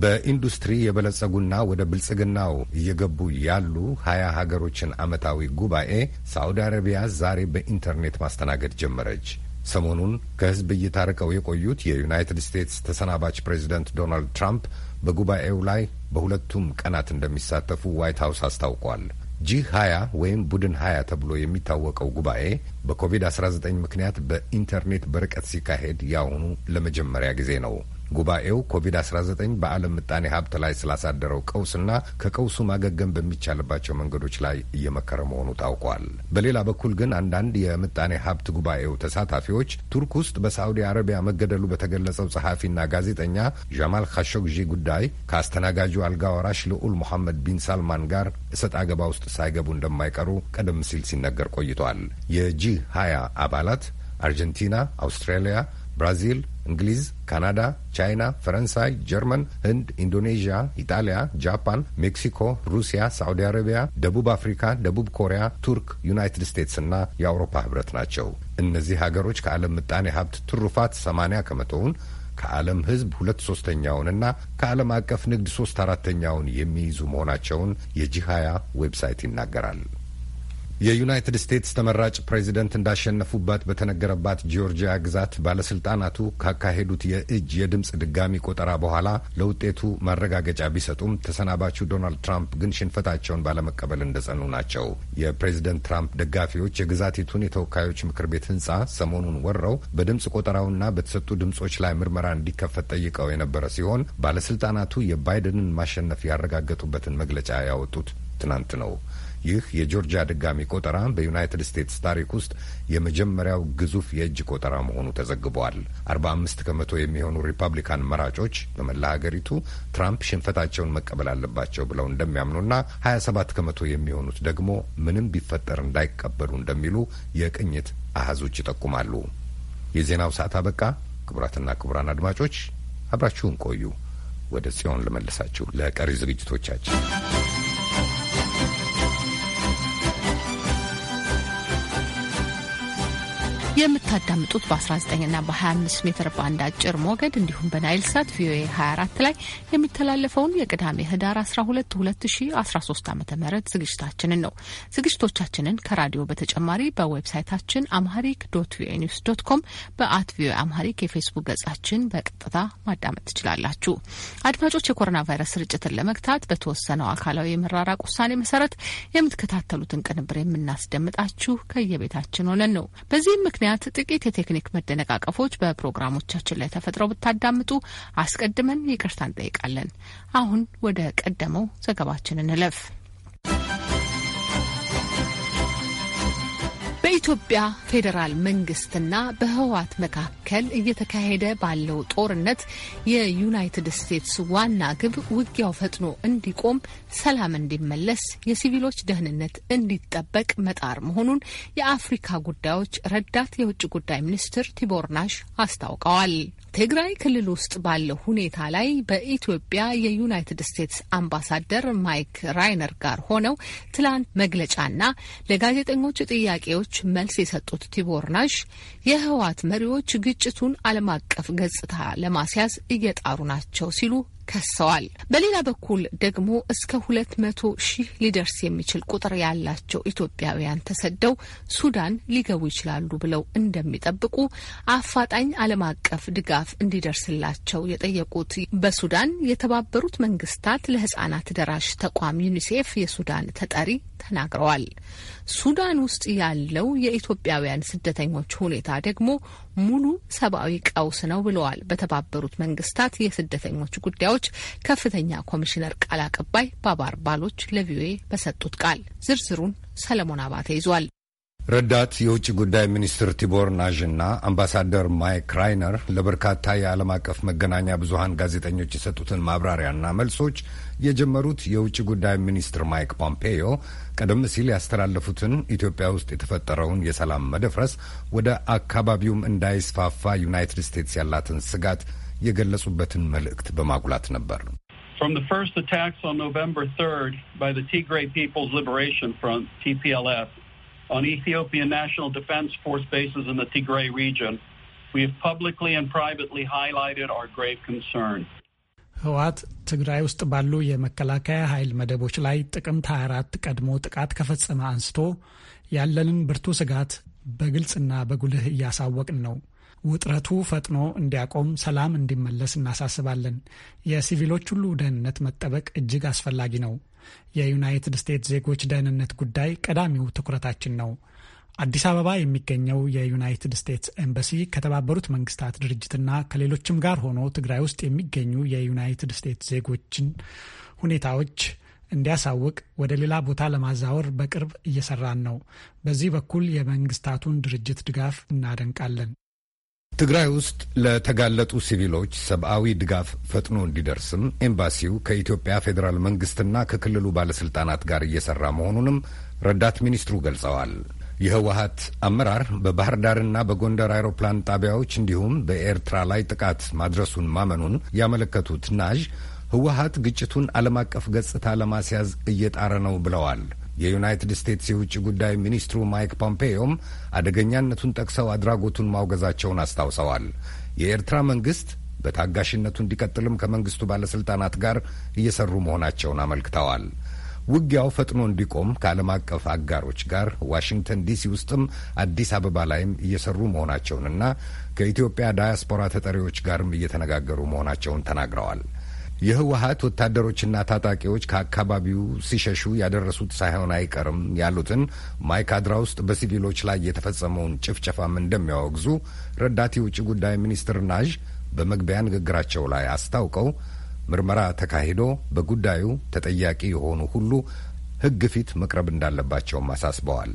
በኢንዱስትሪ የበለጸጉና ወደ ብልጽግናው እየገቡ ያሉ ሀያ ሀገሮችን ዓመታዊ ጉባኤ ሳዑዲ አረቢያ ዛሬ በኢንተርኔት ማስተናገድ ጀመረች። ሰሞኑን ከሕዝብ እይታ ርቀው የቆዩት የዩናይትድ ስቴትስ ተሰናባች ፕሬዚደንት ዶናልድ ትራምፕ በጉባኤው ላይ በሁለቱም ቀናት እንደሚሳተፉ ዋይት ሀውስ አስታውቋል። ጂ 20 ወይም ቡድን 20 ተብሎ የሚታወቀው ጉባኤ በኮቪድ-19 ምክንያት በኢንተርኔት በርቀት ሲካሄድ ያሁኑ ለመጀመሪያ ጊዜ ነው። ጉባኤው ኮቪድ-19 በዓለም ምጣኔ ሀብት ላይ ስላሳደረው ቀውስና ከቀውሱ ማገገም በሚቻልባቸው መንገዶች ላይ እየመከረ መሆኑ ታውቋል። በሌላ በኩል ግን አንዳንድ የምጣኔ ሀብት ጉባኤው ተሳታፊዎች ቱርክ ውስጥ በሳዑዲ አረቢያ መገደሉ በተገለጸው ጸሐፊና ጋዜጠኛ ዣማል ካሾግዢ ጉዳይ ከአስተናጋጁ አልጋ ወራሽ ልዑል ሙሐመድ ቢን ሳልማን ጋር እሰጥ አገባ ውስጥ ሳይገቡ እንደማይቀሩ ቀደም ሲል ሲነገር ቆይቷል። የጂ ሀያ አባላት አርጀንቲና፣ አውስትራሊያ ብራዚል፣ እንግሊዝ፣ ካናዳ፣ ቻይና፣ ፈረንሳይ፣ ጀርመን፣ ህንድ፣ ኢንዶኔዥያ፣ ኢጣሊያ፣ ጃፓን፣ ሜክሲኮ፣ ሩሲያ፣ ሳዑዲ አረቢያ፣ ደቡብ አፍሪካ፣ ደቡብ ኮሪያ፣ ቱርክ፣ ዩናይትድ ስቴትስ እና የአውሮፓ ህብረት ናቸው። እነዚህ ሀገሮች ከዓለም ምጣኔ ሀብት ትሩፋት ሰማንያ ከመቶውን ከዓለም ህዝብ ሁለት ሶስተኛውንና ከዓለም አቀፍ ንግድ ሶስት አራተኛውን የሚይዙ መሆናቸውን የጂ ሀያ ዌብሳይት ይናገራል። የዩናይትድ ስቴትስ ተመራጭ ፕሬዚደንት እንዳሸነፉባት በተነገረባት ጂዮርጂያ ግዛት ባለስልጣናቱ ካካሄዱት የእጅ የድምፅ ድጋሚ ቆጠራ በኋላ ለውጤቱ ማረጋገጫ ቢሰጡም ተሰናባቹ ዶናልድ ትራምፕ ግን ሽንፈታቸውን ባለመቀበል እንደጸኑ ናቸው። የፕሬዚደንት ትራምፕ ደጋፊዎች የግዛቲቱን የተወካዮች ምክር ቤት ህንፃ ሰሞኑን ወረው በድምፅ ቆጠራውና በተሰጡ ድምፆች ላይ ምርመራ እንዲከፈት ጠይቀው የነበረ ሲሆን ባለስልጣናቱ የባይደንን ማሸነፍ ያረጋገጡበትን መግለጫ ያወጡት ትናንት ነው። ይህ የጆርጂያ ድጋሚ ቆጠራ በዩናይትድ ስቴትስ ታሪክ ውስጥ የመጀመሪያው ግዙፍ የእጅ ቆጠራ መሆኑ ተዘግቧል። አርባ አምስት ከመቶ የሚሆኑ ሪፐብሊካን መራጮች በመላ ሀገሪቱ ትራምፕ ሽንፈታቸውን መቀበል አለባቸው ብለው እንደሚያምኑና ሀያ ሰባት ከመቶ የሚሆኑት ደግሞ ምንም ቢፈጠር እንዳይቀበሉ እንደሚሉ የቅኝት አሃዞች ይጠቁማሉ። የዜናው ሰዓት አበቃ። ክቡራትና ክቡራን አድማጮች አብራችሁን ቆዩ። ወደ ጽዮን ልመልሳችሁ ለቀሪ ዝግጅቶቻችን የምታዳምጡት በ19ና በ25 ሜትር ባንድ አጭር ሞገድ እንዲሁም በናይል ሳት ቪኦኤ 24 ላይ የሚተላለፈውን የቅዳሜ ህዳር 12 2013 ዓ ም ዝግጅታችንን ነው። ዝግጅቶቻችንን ከራዲዮ በተጨማሪ በዌብሳይታችን አምሃሪክ ዶት ቪኦኤ ኒውስ ዶት ኮም፣ በአት ቪኦኤ አምሃሪክ የፌስቡክ ገጻችን በቀጥታ ማዳመጥ ትችላላችሁ። አድማጮች፣ የኮሮና ቫይረስ ስርጭትን ለመግታት በተወሰነው አካላዊ የመራራቅ ውሳኔ መሰረት የምትከታተሉትን ቅንብር የምናስደምጣችሁ ከየቤታችን ሆነን ነው። በዚህም ምክንያት ምክንያት ጥቂት የቴክኒክ መደነቃቀፎች በፕሮግራሞቻችን ላይ ተፈጥረው ብታዳምጡ አስቀድመን ይቅርታ እንጠይቃለን። አሁን ወደ ቀደመው ዘገባችን እንለፍ። በኢትዮጵያ ፌዴራል መንግስትና በህወሓት መካከል እየተካሄደ ባለው ጦርነት የዩናይትድ ስቴትስ ዋና ግብ ውጊያው ፈጥኖ እንዲቆም፣ ሰላም እንዲመለስ፣ የሲቪሎች ደህንነት እንዲጠበቅ መጣር መሆኑን የአፍሪካ ጉዳዮች ረዳት የውጭ ጉዳይ ሚኒስትር ቲቦር ናሽ አስታውቀዋል። ትግራይ ክልል ውስጥ ባለው ሁኔታ ላይ በኢትዮጵያ የዩናይትድ ስቴትስ አምባሳደር ማይክ ራይነር ጋር ሆነው ትላንት መግለጫና ለጋዜጠኞች ጥያቄዎች መልስ የሰጡት ቲቦር ናሽ የህወሓት መሪዎች ግጭቱን ዓለም አቀፍ ገጽታ ለማስያዝ እየጣሩ ናቸው ሲሉ ከሰዋል። በሌላ በኩል ደግሞ እስከ ሁለት መቶ ሺህ ሊደርስ የሚችል ቁጥር ያላቸው ኢትዮጵያውያን ተሰደው ሱዳን ሊገቡ ይችላሉ ብለው እንደሚጠብቁ አፋጣኝ ዓለም አቀፍ ድጋፍ እንዲደርስላቸው የጠየቁት በሱዳን የተባበሩት መንግስታት ለህጻናት ደራሽ ተቋም ዩኒሴፍ የሱዳን ተጠሪ ተናግረዋል። ሱዳን ውስጥ ያለው የኢትዮጵያውያን ስደተኞች ሁኔታ ደግሞ ሙሉ ሰብአዊ ቀውስ ነው ብለዋል በተባበሩት መንግስታት የስደተኞች ጉዳዮች ከፍተኛ ኮሚሽነር ቃል አቀባይ ባባር ባሎች ለቪኦኤ በሰጡት ቃል። ዝርዝሩን ሰለሞን አባተ ይዟል። ረዳት የውጭ ጉዳይ ሚኒስትር ቲቦር ናዥና አምባሳደር ማይክ ራይነር ለበርካታ የዓለም አቀፍ መገናኛ ብዙሃን ጋዜጠኞች የሰጡትን ማብራሪያና መልሶች የጀመሩት የውጭ ጉዳይ ሚኒስትር ማይክ ፖምፔዮ ቀደም ሲል ያስተላለፉትን ኢትዮጵያ ውስጥ የተፈጠረውን የሰላም መደፍረስ ወደ አካባቢውም እንዳይስፋፋ ዩናይትድ ስቴትስ ያላትን ስጋት የገለጹበትን መልእክት በማጉላት ነበር። From the first attacks on November 3rd by the Tigray People's Liberation Front, TPLF, on Ethiopian National Defense Force bases in the Tigray region, we have publicly and privately highlighted our grave concern. ህወሓት ትግራይ ውስጥ ባሉ የመከላከያ ኃይል መደቦች ላይ ጥቅምት 24 ቀድሞ ጥቃት ከፈጸመ አንስቶ ያለንን ብርቱ ስጋት በግልጽና በጉልህ እያሳወቅን ነው። ውጥረቱ ፈጥኖ እንዲያቆም፣ ሰላም እንዲመለስ እናሳስባለን። የሲቪሎች ሁሉ ደህንነት መጠበቅ እጅግ አስፈላጊ ነው። የዩናይትድ ስቴትስ ዜጎች ደህንነት ጉዳይ ቀዳሚው ትኩረታችን ነው። አዲስ አበባ የሚገኘው የዩናይትድ ስቴትስ ኤምባሲ ከተባበሩት መንግስታት ድርጅትና ከሌሎችም ጋር ሆኖ ትግራይ ውስጥ የሚገኙ የዩናይትድ ስቴትስ ዜጎችን ሁኔታዎች እንዲያሳውቅ ወደ ሌላ ቦታ ለማዛወር በቅርብ እየሰራን ነው። በዚህ በኩል የመንግስታቱን ድርጅት ድጋፍ እናደንቃለን። ትግራይ ውስጥ ለተጋለጡ ሲቪሎች ሰብአዊ ድጋፍ ፈጥኖ እንዲደርስም ኤምባሲው ከኢትዮጵያ ፌዴራል መንግስትና ከክልሉ ባለስልጣናት ጋር እየሰራ መሆኑንም ረዳት ሚኒስትሩ ገልጸዋል። የህወሀት አመራር በባህር ዳርና በጎንደር አይሮፕላን ጣቢያዎች እንዲሁም በኤርትራ ላይ ጥቃት ማድረሱን ማመኑን ያመለከቱት ናዥ ህወሀት ግጭቱን ዓለም አቀፍ ገጽታ ለማስያዝ እየጣረ ነው ብለዋል። የዩናይትድ ስቴትስ የውጭ ጉዳይ ሚኒስትሩ ማይክ ፖምፔዮም አደገኛነቱን ጠቅሰው አድራጎቱን ማውገዛቸውን አስታውሰዋል። የኤርትራ መንግስት በታጋሽነቱ እንዲቀጥልም ከመንግስቱ ባለስልጣናት ጋር እየሰሩ መሆናቸውን አመልክተዋል። ውጊያው ፈጥኖ እንዲቆም ከዓለም አቀፍ አጋሮች ጋር ዋሽንግተን ዲሲ ውስጥም አዲስ አበባ ላይም እየሰሩ መሆናቸውንና ከኢትዮጵያ ዳያስፖራ ተጠሪዎች ጋርም እየተነጋገሩ መሆናቸውን ተናግረዋል። የህወሀት ወታደሮችና ታጣቂዎች ከአካባቢው ሲሸሹ ያደረሱት ሳይሆን አይቀርም ያሉትን ማይካድራ ውስጥ በሲቪሎች ላይ የተፈጸመውን ጭፍጨፋም እንደሚያወግዙ ረዳት የውጭ ጉዳይ ሚኒስትር ናዥ በመግቢያ ንግግራቸው ላይ አስታውቀው ምርመራ ተካሂዶ በጉዳዩ ተጠያቂ የሆኑ ሁሉ ሕግ ፊት መቅረብ እንዳለባቸውም አሳስበዋል።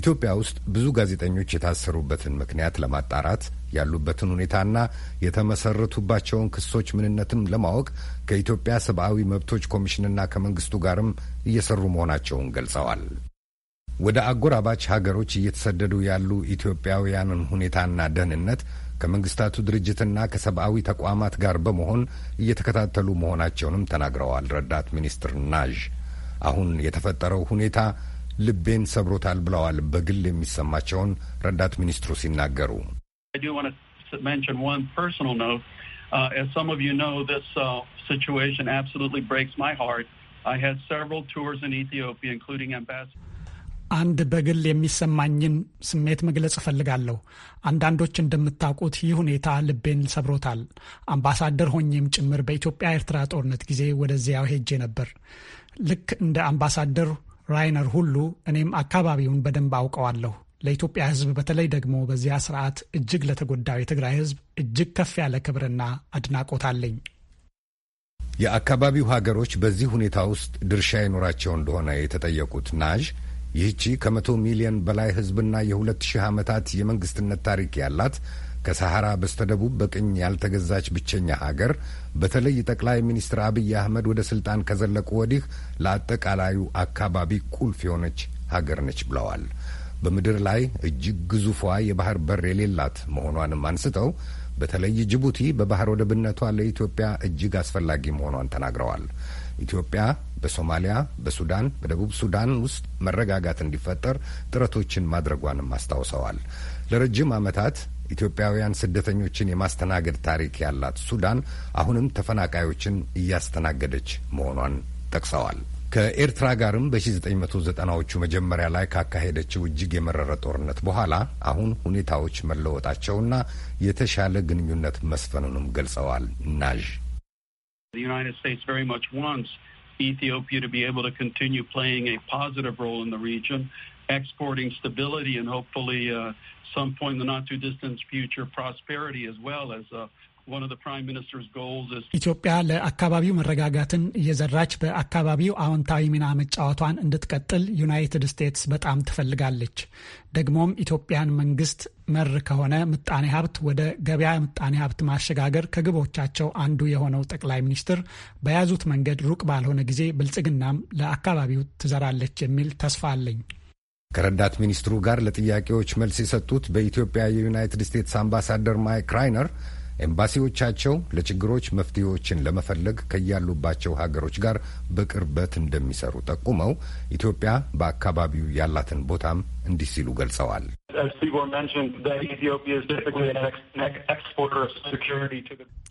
ኢትዮጵያ ውስጥ ብዙ ጋዜጠኞች የታሰሩበትን ምክንያት ለማጣራት ያሉበትን ሁኔታና የተመሰረቱባቸውን ክሶች ምንነትም ለማወቅ ከኢትዮጵያ ሰብአዊ መብቶች ኮሚሽንና ከመንግስቱ ጋርም እየሰሩ መሆናቸውን ገልጸዋል። ወደ አጎራባች ሀገሮች እየተሰደዱ ያሉ ኢትዮጵያውያንን ሁኔታና ደህንነት ከመንግስታቱ ድርጅትና ከሰብአዊ ተቋማት ጋር በመሆን እየተከታተሉ መሆናቸውንም ተናግረዋል። ረዳት ሚኒስትር ናዥ አሁን የተፈጠረው ሁኔታ ልቤን ሰብሮታል ብለዋል። በግል የሚሰማቸውን ረዳት ሚኒስትሩ ሲናገሩ I do want to mention one personal note. Uh, as some of you know, this uh, situation absolutely breaks my heart. I had several tours in Ethiopia, including ambassador. አንድ በግል የሚሰማኝን ስሜት መግለጽ እፈልጋለሁ። አንዳንዶች እንደምታውቁት ይህ ሁኔታ ልቤን ሰብሮታል። አምባሳደር ሆኜም ጭምር በኢትዮጵያ ኤርትራ ጦርነት ጊዜ ወደዚያው ሄጄ ነበር። ልክ እንደ አምባሳደር ራይነር ሁሉ እኔም አካባቢውን በደንብ አውቀዋለሁ። ለኢትዮጵያ ሕዝብ በተለይ ደግሞ በዚያ ስርዓት እጅግ ለተጎዳው የትግራይ ሕዝብ እጅግ ከፍ ያለ ክብርና አድናቆት አለኝ። የአካባቢው ሀገሮች በዚህ ሁኔታ ውስጥ ድርሻ ይኖራቸው እንደሆነ የተጠየቁት ናዥ ይህቺ ከመቶ ሚሊዮን በላይ ሕዝብና የሁለት ሺህ ዓመታት የመንግስትነት ታሪክ ያላት ከሰሐራ በስተደቡብ በቅኝ ያልተገዛች ብቸኛ ሀገር በተለይ ጠቅላይ ሚኒስትር አብይ አህመድ ወደ ስልጣን ከዘለቁ ወዲህ ለአጠቃላዩ አካባቢ ቁልፍ የሆነች ሀገር ነች ብለዋል። በምድር ላይ እጅግ ግዙፏ የባህር በር የሌላት መሆኗንም አንስተው በተለይ ጅቡቲ በባህር ወደብነቷ ለኢትዮጵያ እጅግ አስፈላጊ መሆኗን ተናግረዋል። ኢትዮጵያ በሶማሊያ፣ በሱዳን፣ በደቡብ ሱዳን ውስጥ መረጋጋት እንዲፈጠር ጥረቶችን ማድረጓንም አስታውሰዋል። ለረጅም ዓመታት ኢትዮጵያውያን ስደተኞችን የማስተናገድ ታሪክ ያላት ሱዳን አሁንም ተፈናቃዮችን እያስተናገደች መሆኗን ጠቅሰዋል። ከኤርትራ ጋርም በ1990ዎቹ መጀመሪያ ላይ ካካሄደችው እጅግ የመረረ ጦርነት በኋላ አሁን ሁኔታዎች መለወጣቸውና የተሻለ ግንኙነት መስፈኑንም ገልጸዋል። ናዥ ኢትዮጵያ ለአካባቢው መረጋጋትን እየዘራች በአካባቢው አዎንታዊ ሚና መጫወቷን እንድትቀጥል ዩናይትድ ስቴትስ በጣም ትፈልጋለች። ደግሞም ኢትዮጵያን መንግስት መር ከሆነ ምጣኔ ሀብት ወደ ገበያ ምጣኔ ሀብት ማሸጋገር ከግቦቻቸው አንዱ የሆነው ጠቅላይ ሚኒስትር በያዙት መንገድ ሩቅ ባልሆነ ጊዜ ብልጽግናም ለአካባቢው ትዘራለች የሚል ተስፋ አለኝ። ከረዳት ሚኒስትሩ ጋር ለጥያቄዎች መልስ የሰጡት በኢትዮጵያ የዩናይትድ ስቴትስ አምባሳደር ማይክ ራይነር ኤምባሲዎቻቸው ለችግሮች መፍትሄዎችን ለመፈለግ ከያሉባቸው ሀገሮች ጋር በቅርበት እንደሚሰሩ ጠቁመው ኢትዮጵያ በአካባቢው ያላትን ቦታም እንዲህ ሲሉ ገልጸዋል።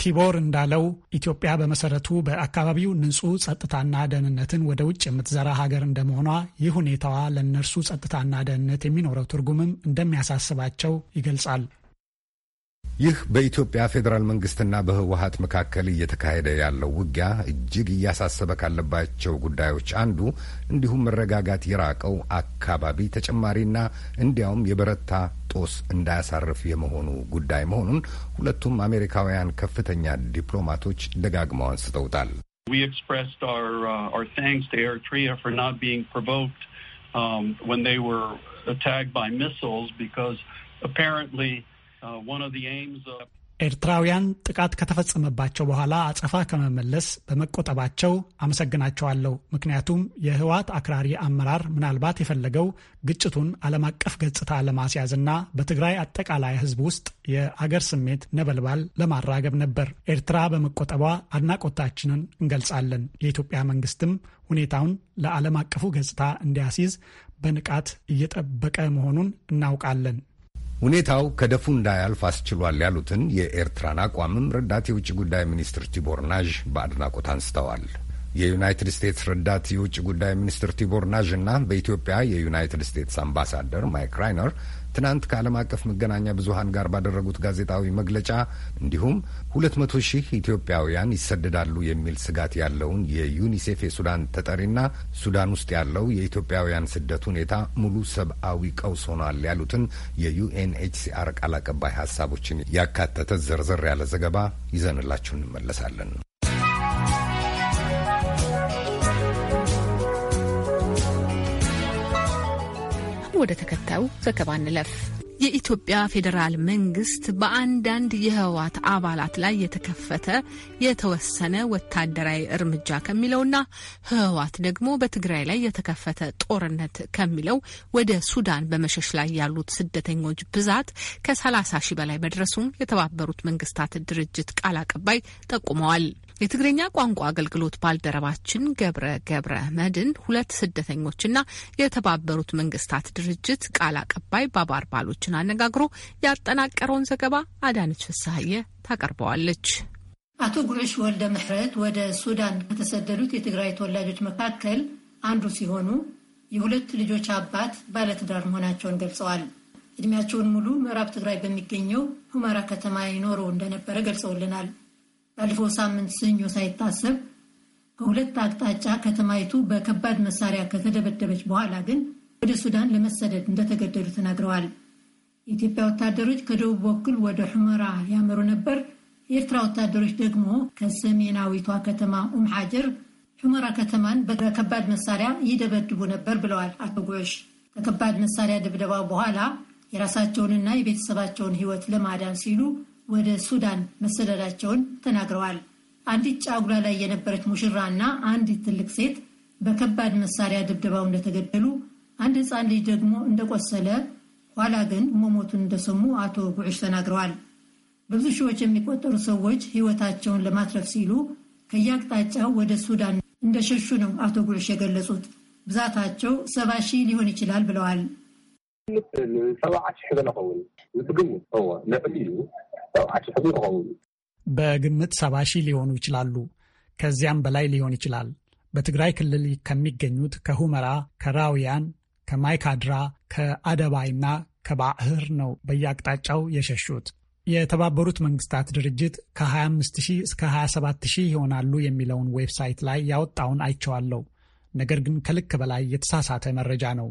ቲቦር እንዳለው ኢትዮጵያ በመሰረቱ በአካባቢው ንጹህ ጸጥታና ደህንነትን ወደ ውጭ የምትዘራ ሀገር እንደመሆኗ ይህ ሁኔታዋ ለእነርሱ ጸጥታና ደህንነት የሚኖረው ትርጉምም እንደሚያሳስባቸው ይገልጻል። ይህ በኢትዮጵያ ፌዴራል መንግስትና በህወሀት መካከል እየተካሄደ ያለው ውጊያ እጅግ እያሳሰበ ካለባቸው ጉዳዮች አንዱ እንዲሁም መረጋጋት የራቀው አካባቢ ተጨማሪና እንዲያውም የበረታ ጦስ እንዳያሳርፍ የመሆኑ ጉዳይ መሆኑን ሁለቱም አሜሪካውያን ከፍተኛ ዲፕሎማቶች ደጋግመው አንስተውታል። We ኤርትራውያን ጥቃት ከተፈጸመባቸው በኋላ አጸፋ ከመመለስ በመቆጠባቸው አመሰግናቸዋለሁ። ምክንያቱም የህወሓት አክራሪ አመራር ምናልባት የፈለገው ግጭቱን ዓለም አቀፍ ገጽታ ለማስያዝና በትግራይ አጠቃላይ ህዝብ ውስጥ የአገር ስሜት ነበልባል ለማራገብ ነበር። ኤርትራ በመቆጠቧ አድናቆታችንን እንገልጻለን። የኢትዮጵያ መንግስትም ሁኔታውን ለዓለም አቀፉ ገጽታ እንዲያስይዝ በንቃት እየጠበቀ መሆኑን እናውቃለን። ሁኔታው ከደፉ እንዳያልፍ አስችሏል ያሉትን የኤርትራን አቋምም ረዳት የውጭ ጉዳይ ሚኒስትር ቲቦር ናዥ በአድናቆት አንስተዋል። የዩናይትድ ስቴትስ ረዳት የውጭ ጉዳይ ሚኒስትር ቲቦር ናዥ እና በኢትዮጵያ የዩናይትድ ስቴትስ አምባሳደር ማይክ ራይነር ትናንት ከዓለም አቀፍ መገናኛ ብዙሃን ጋር ባደረጉት ጋዜጣዊ መግለጫ እንዲሁም ሁለት መቶ ሺህ ኢትዮጵያውያን ይሰደዳሉ የሚል ስጋት ያለውን የዩኒሴፍ የሱዳን ተጠሪና ሱዳን ውስጥ ያለው የኢትዮጵያውያን ስደት ሁኔታ ሙሉ ሰብአዊ ቀውስ ሆኗል ያሉትን የዩኤንኤችሲአር ቃል አቀባይ ሀሳቦችን ያካተተ ዘርዘር ያለ ዘገባ ይዘንላችሁ እንመለሳለን። ወደ ተከታዩ ዘገባ እንለፍ። የኢትዮጵያ ፌዴራል መንግስት በአንዳንድ የህወሓት አባላት ላይ የተከፈተ የተወሰነ ወታደራዊ እርምጃ ከሚለውና ህወሓት ደግሞ በትግራይ ላይ የተከፈተ ጦርነት ከሚለው ወደ ሱዳን በመሸሽ ላይ ያሉት ስደተኞች ብዛት ከ30 ሺህ በላይ መድረሱን የተባበሩት መንግስታት ድርጅት ቃል አቀባይ ጠቁመዋል። የትግርኛ ቋንቋ አገልግሎት ባልደረባችን ገብረ ገብረ መድን ሁለት ስደተኞችና የተባበሩት መንግስታት ድርጅት ቃል አቀባይ ባባር ባሎችን አነጋግሮ ያጠናቀረውን ዘገባ አዳነች ፍሳሀየ ታቀርበዋለች። አቶ ጉዕሽ ወልደ ምሕረት ወደ ሱዳን ከተሰደዱት የትግራይ ተወላጆች መካከል አንዱ ሲሆኑ የሁለት ልጆች አባት ባለትዳር መሆናቸውን ገልጸዋል። እድሜያቸውን ሙሉ ምዕራብ ትግራይ በሚገኘው ሁመራ ከተማ ይኖሩ እንደነበረ ገልጸውልናል። ባለፈው ሳምንት ሰኞ ሳይታሰብ ከሁለት አቅጣጫ ከተማይቱ በከባድ መሳሪያ ከተደበደበች በኋላ ግን ወደ ሱዳን ለመሰደድ እንደተገደዱ ተናግረዋል። የኢትዮጵያ ወታደሮች ከደቡብ በኩል ወደ ሑመራ ያመሩ ነበር። የኤርትራ ወታደሮች ደግሞ ከሰሜናዊቷ ከተማ ኡም ሐጀር ሑመራ ከተማን በከባድ መሳሪያ ይደበድቡ ነበር ብለዋል አቶ ጎሽ። ከከባድ መሳሪያ ድብደባ በኋላ የራሳቸውንና የቤተሰባቸውን ሕይወት ለማዳን ሲሉ ወደ ሱዳን መሰደዳቸውን ተናግረዋል። አንዲት ጫጉላ ላይ የነበረች ሙሽራ እና አንዲት ትልቅ ሴት በከባድ መሳሪያ ድብደባው እንደተገደሉ፣ አንድ ሕፃን ልጅ ደግሞ እንደቆሰለ፣ ኋላ ግን መሞቱን እንደሰሙ አቶ ጉዕሽ ተናግረዋል። በብዙ ሺዎች የሚቆጠሩ ሰዎች ሕይወታቸውን ለማትረፍ ሲሉ ከየአቅጣጫው ወደ ሱዳን እንደሸሹ ነው አቶ ጉዕሽ የገለጹት። ብዛታቸው ሰባ ሺህ ሊሆን ይችላል ብለዋል። በግምት ሰባ ሺህ ሊሆኑ ይችላሉ። ከዚያም በላይ ሊሆን ይችላል። በትግራይ ክልል ከሚገኙት ከሁመራ፣ ከራውያን፣ ከማይካድራ፣ ከአደባይና ከባህር ነው በየአቅጣጫው የሸሹት። የተባበሩት መንግስታት ድርጅት ከ25 ሺህ እስከ 27 ሺህ ይሆናሉ የሚለውን ዌብሳይት ላይ ያወጣውን አይቸዋለሁ። ነገር ግን ከልክ በላይ የተሳሳተ መረጃ ነው።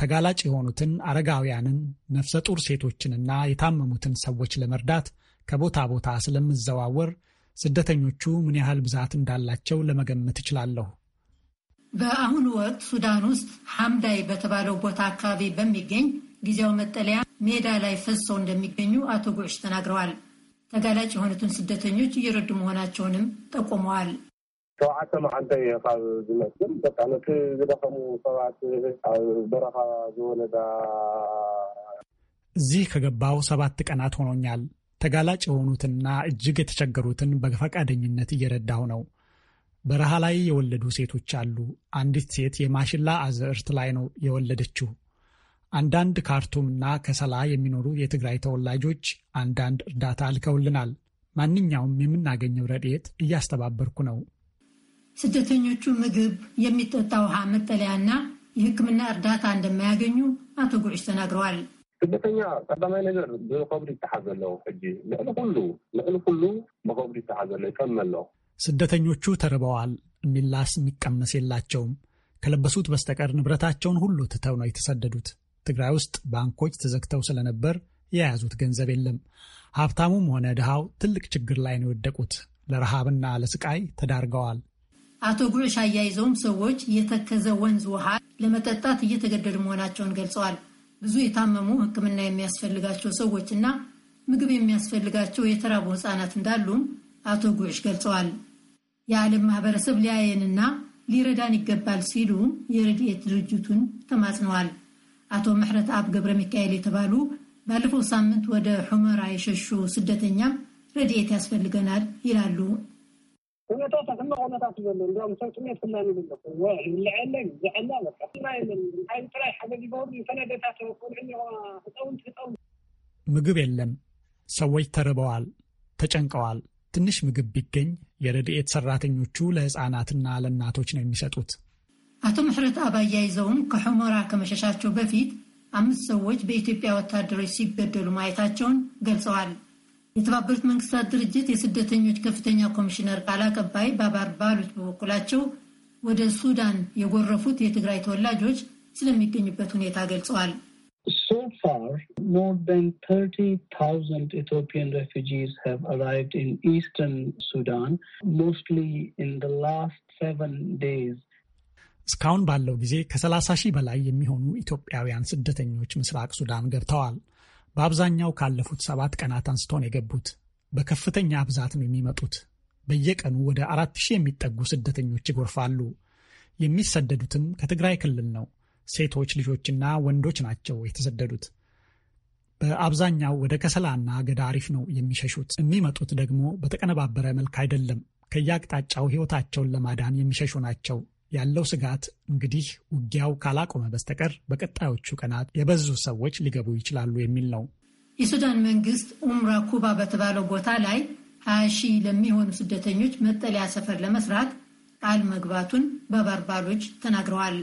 ተጋላጭ የሆኑትን አረጋውያንን፣ ነፍሰ ጡር ሴቶችንና የታመሙትን ሰዎች ለመርዳት ከቦታ ቦታ ስለምዘዋወር ስደተኞቹ ምን ያህል ብዛት እንዳላቸው ለመገመት እችላለሁ። በአሁኑ ወቅት ሱዳን ውስጥ ሐምዳይ በተባለው ቦታ አካባቢ በሚገኝ ጊዜያዊ መጠለያ ሜዳ ላይ ፈሰው እንደሚገኙ አቶ ጉዕሽ ተናግረዋል። ተጋላጭ የሆኑትን ስደተኞች እየረዱ መሆናቸውንም ጠቁመዋል። ሸውዓተ መዓልተ እየ ካብ ዝመስል በቃ ነቲ ዝደኸሙ ሰባት ኣብ በረኻ ዝወለዳ እዚህ ከገባው ሰባት ቀናት ሆኖኛል። ተጋላጭ የሆኑትና እጅግ የተቸገሩትን በፈቃደኝነት እየረዳሁ ነው። በረሃ ላይ የወለዱ ሴቶች አሉ። አንዲት ሴት የማሽላ አዝዕርት ላይ ነው የወለደችው። አንዳንድ ካርቱምና ከሰላ የሚኖሩ የትግራይ ተወላጆች አንዳንድ እርዳታ ልከውልናል። ማንኛውም የምናገኘው ረድኤት እያስተባበርኩ ነው። ስደተኞቹ ምግብ፣ የሚጠጣ ውሃ፣ መጠለያና የሕክምና እርዳታ እንደማያገኙ አቶ ጉዕሽ ተናግረዋል። ስደተኛ ቀዳማይ ነገር ብከብዲ ይተሓዝ ኣለዎ ሕጂ ልዕሊ ኩሉ ልዕሊ ኩሉ ብከብዲ ይተሓዝ ዘሎ ይቀመ ኣሎ ስደተኞቹ ተርበዋል። የሚላስ የሚቀመስ የላቸውም። ከለበሱት በስተቀር ንብረታቸውን ሁሉ ትተው ነው የተሰደዱት። ትግራይ ውስጥ ባንኮች ተዘግተው ስለነበር የያዙት ገንዘብ የለም። ሀብታሙም ሆነ ድሃው ትልቅ ችግር ላይ ነው የወደቁት። ለረሃብና ለስቃይ ተዳርገዋል። አቶ ጉዕሽ አያይዘውም ሰዎች የተከዘ ወንዝ ውሃ ለመጠጣት እየተገደዱ መሆናቸውን ገልጸዋል። ብዙ የታመሙ ሕክምና የሚያስፈልጋቸው ሰዎች እና ምግብ የሚያስፈልጋቸው የተራቡ ሕፃናት እንዳሉም አቶ ጉዕሽ ገልጸዋል። የዓለም ማህበረሰብ ሊያየንና ሊረዳን ይገባል ሲሉ የረድኤት ድርጅቱን ተማጽነዋል። አቶ ምሕረት አብ ገብረ ሚካኤል የተባሉ ባለፈው ሳምንት ወደ ሑመራ የሸሹ ስደተኛም ረድኤት ያስፈልገናል ይላሉ። ሁኔታ ተክመ ኩነታት ዘሎ እንዲም ሰብ ጥሜት ክና ንብሎ ዝልዐለ ዝዓላ ናይ ጥራይ ሓገዝ ይገብሩ ተነደታት ክልዕኒ ህፀውንቲ ህፀው ምግብ የለም። ሰዎች ተርበዋል፣ ተጨንቀዋል። ትንሽ ምግብ ቢገኝ የረድኤት ሰራተኞቹ ለህፃናትና ለእናቶች ነው የሚሰጡት። አቶ ምሕረት አብ አያይዘውም ከሑመራ ከመሸሻቸው በፊት አምስት ሰዎች በኢትዮጵያ ወታደሮች ሲገደሉ ማየታቸውን ገልጸዋል። የተባበሩት መንግስታት ድርጅት የስደተኞች ከፍተኛ ኮሚሽነር ቃል አቀባይ ባባር ባሉት በበኩላቸው ወደ ሱዳን የጎረፉት የትግራይ ተወላጆች ስለሚገኙበት ሁኔታ ገልጸዋል። እስካሁን ባለው ጊዜ ከ30 ሺህ በላይ የሚሆኑ ኢትዮጵያውያን ስደተኞች ምስራቅ ሱዳን ገብተዋል። በአብዛኛው ካለፉት ሰባት ቀናት አንስቶን የገቡት። በከፍተኛ ብዛት ነው የሚመጡት። በየቀኑ ወደ አራት ሺህ የሚጠጉ ስደተኞች ይጎርፋሉ። የሚሰደዱትም ከትግራይ ክልል ነው። ሴቶች ልጆችና ወንዶች ናቸው የተሰደዱት። በአብዛኛው ወደ ከሰላና ገዳሪፍ ነው የሚሸሹት። የሚመጡት ደግሞ በተቀነባበረ መልክ አይደለም። ከየአቅጣጫው ሕይወታቸውን ለማዳን የሚሸሹ ናቸው። ያለው ስጋት እንግዲህ ውጊያው ካላቆመ በስተቀር በቀጣዮቹ ቀናት የበዙ ሰዎች ሊገቡ ይችላሉ የሚል ነው። የሱዳን መንግስት ኡምራ ኩባ በተባለው ቦታ ላይ ሀያ ሺህ ለሚሆኑ ስደተኞች መጠለያ ሰፈር ለመስራት ቃል መግባቱን በባርባሮች ተናግረዋል።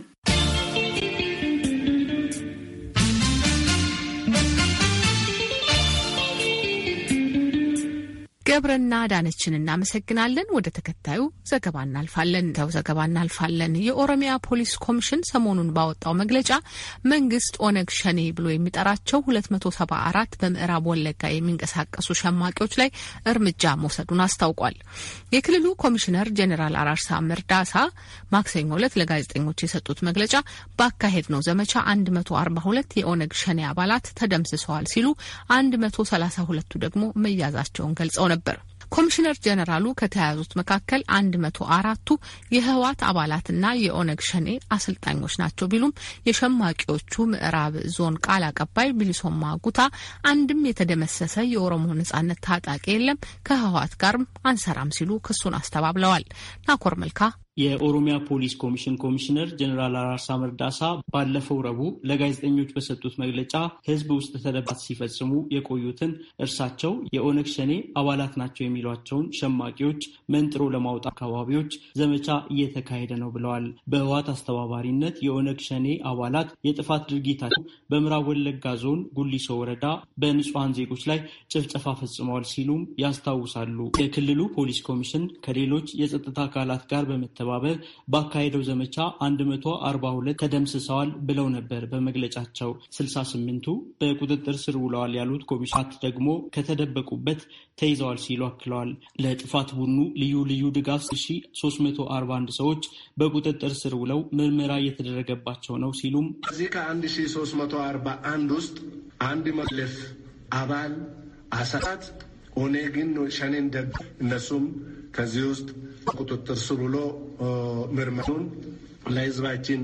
ደብረና ዳነችን እናመሰግናለን። ወደ ተከታዩ ዘገባ እናልፋለን። ተው ዘገባ እናልፋለን። የኦሮሚያ ፖሊስ ኮሚሽን ሰሞኑን ባወጣው መግለጫ መንግስት ኦነግ ሸኔ ብሎ የሚጠራቸው መቶ አራት በምዕራብ ወለጋ የሚንቀሳቀሱ ሸማቂዎች ላይ እርምጃ መውሰዱን አስታውቋል። የክልሉ ኮሚሽነር ጄኔራል አራርሳ መርዳሳ ማክሰኞ ዕለት ለጋዜጠኞች የሰጡት መግለጫ ባካሄድ ነው ዘመቻ ሁለት የኦነግ ሸኔ አባላት ተደምስሰዋል ሲሉ መቶ ሰላሳ ቱ ደግሞ መያዛቸውን ገልጸው ነበር። ነበር። ኮሚሽነር ጀነራሉ ከተያያዙት መካከል አንድ መቶ አራቱ የህወሓት አባላትና የኦነግ ሸኔ አሰልጣኞች ናቸው ቢሉም የሸማቂዎቹ ምዕራብ ዞን ቃል አቀባይ ቢሊሶማ ጉታ አንድም የተደመሰሰ የኦሮሞ ነጻነት ታጣቂ የለም፣ ከህወሓት ጋርም አንሰራም ሲሉ ክሱን አስተባብለዋል። ናኮር መልካ የኦሮሚያ ፖሊስ ኮሚሽን ኮሚሽነር ጀኔራል አራርሳ መርዳሳ ባለፈው ረቡዕ ለጋዜጠኞች በሰጡት መግለጫ ህዝብ ውስጥ ተደባት ሲፈጽሙ የቆዩትን እርሳቸው የኦነግ ሸኔ አባላት ናቸው የሚሏቸውን ሸማቂዎች መንጥሮ ለማውጣ አካባቢዎች ዘመቻ እየተካሄደ ነው ብለዋል። በህዋት አስተባባሪነት የኦነግ ሸኔ አባላት የጥፋት ድርጊታቸው በምዕራብ ወለጋ ዞን ጉሊሶ ወረዳ በንጹሐን ዜጎች ላይ ጭፍጨፋ ፈጽመዋል ሲሉም ያስታውሳሉ። የክልሉ ፖሊስ ኮሚሽን ከሌሎች የጸጥታ አካላት ጋር በመተ በመተባበር ባካሄደው ዘመቻ 142 ተደምስሰዋል ብለው ነበር በመግለጫቸው። 68ቱ በቁጥጥር ስር ውለዋል ያሉት ኮሚሽናት ደግሞ ከተደበቁበት ተይዘዋል ሲሉ አክለዋል። ለጥፋት ቡድኑ ልዩ ልዩ ድጋፍ 341 ሰዎች በቁጥጥር ስር ውለው ምርመራ እየተደረገባቸው ነው ሲሉም እዚህ ከ1341 ውስጥ አንድ መለፍ አባል አሳት ኦኔግን ሸኔን ደግ እነሱም ከዚህ ውስጥ ቁጥጥር ስር ውሎ ምርመሩን ለህዝባችን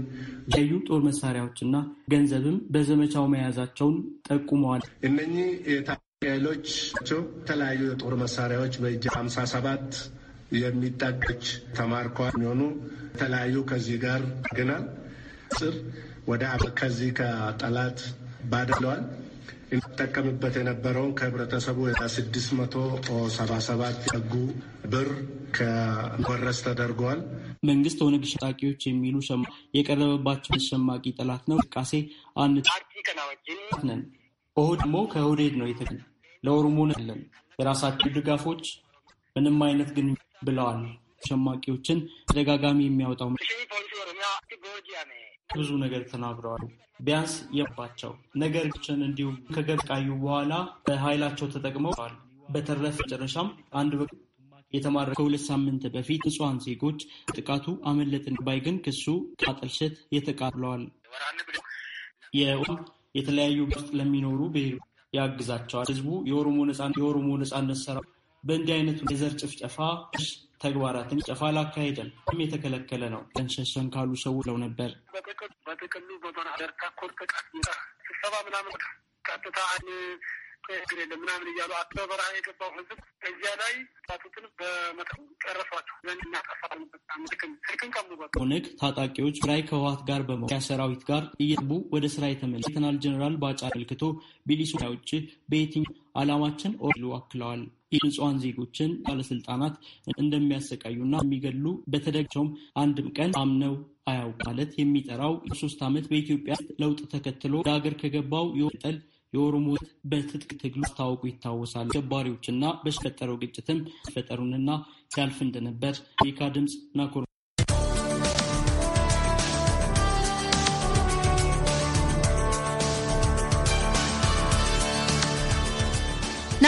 ዩ ጦር መሳሪያዎችና ገንዘብም በዘመቻው መያዛቸውን ጠቁመዋል። እነኚህ ኃይሎች የተለያዩ የጦር መሳሪያዎች በእጅ ሀምሳ ሰባት የሚጠቆች ተማርከዋል የሚሆኑ የተለያዩ ከዚህ ጋር ግናል ስር ወደ ከዚህ ከጠላት ባደለዋል እንጠቀምበት የነበረውን ከህብረተሰቡ የ677 ጠጉ ብር ከወረስ ተደርገዋል። መንግስት ኦነግ ሸጣቂዎች የሚሉ የቀረበባቸውን ሸማቂ ጠላት ነው ቃሴ አንነን ኦህድ ደግሞ ከኦህዴድ ነው የተ ለኦሮሞ ያለን የራሳቸው ድጋፎች ምንም አይነት ግን ብለዋል። ሸማቂዎችን ተደጋጋሚ የሚያወጣው ብዙ ነገር ተናግረዋል። ቢያንስ የባቸው ነገሮችን እንዲሁም ከገቃዩ በኋላ በኃይላቸው ተጠቅመዋል። በተረፈ መጨረሻም አንድ በ የተማረ ከሁለት ሳምንት በፊት ንጹሐን ዜጎች ጥቃቱ አመለጥን ባይ ግን ክሱ ቃጠልሸት የተቃብለዋል የኦሮሞ የተለያዩ ውስጥ ለሚኖሩ ብሄሩ ያግዛቸዋል። ህዝቡ የኦሮሞ ነጻነት ሰራ በእንዲህ አይነቱ የዘር ጭፍጨፋ ተግባራትን ጨፋ ም የተከለከለ ነው። ተንሸሸን ካሉ ሰው ለው ነበር። በጥቅሉ በመርሃ ደርታ ስብሰባ ምናምን ቀጥታ ችግር የለም ምናምን እያሉ አቶ የገባው ህዝብ እዚያ ላይ ጣቱትን በመጠ ጨረሷቸው ዘንድ እናጠፋልበት ኦነግ ታጣቂዎች ራይ ከህወሓት ጋር በመያ ሰራዊት ጋር እየቡ ወደ ስራ የተመለ ሌተናል ጀኔራል ባጫ አመልክቶ ቢሊሱ ውጭ በየትኛው አላማችን ኦሉ አክለዋል። የንጹሐን ዜጎችን ባለስልጣናት እንደሚያሰቃዩና የሚገሉ በተደጋቸውም አንድም ቀን አምነው አያውቅ ማለት የሚጠራው ሶስት ዓመት በኢትዮጵያ ለውጥ ተከትሎ ለሀገር ከገባው የወጠል የኦሮሞ በትጥቅ ትግሉ አስታወቁ ይታወሳል። አሸባሪዎችና በተፈጠረው ግጭትም ፈጠሩንና ሲያልፍ እንደነበር አሜሪካ ድምፅ ናኮር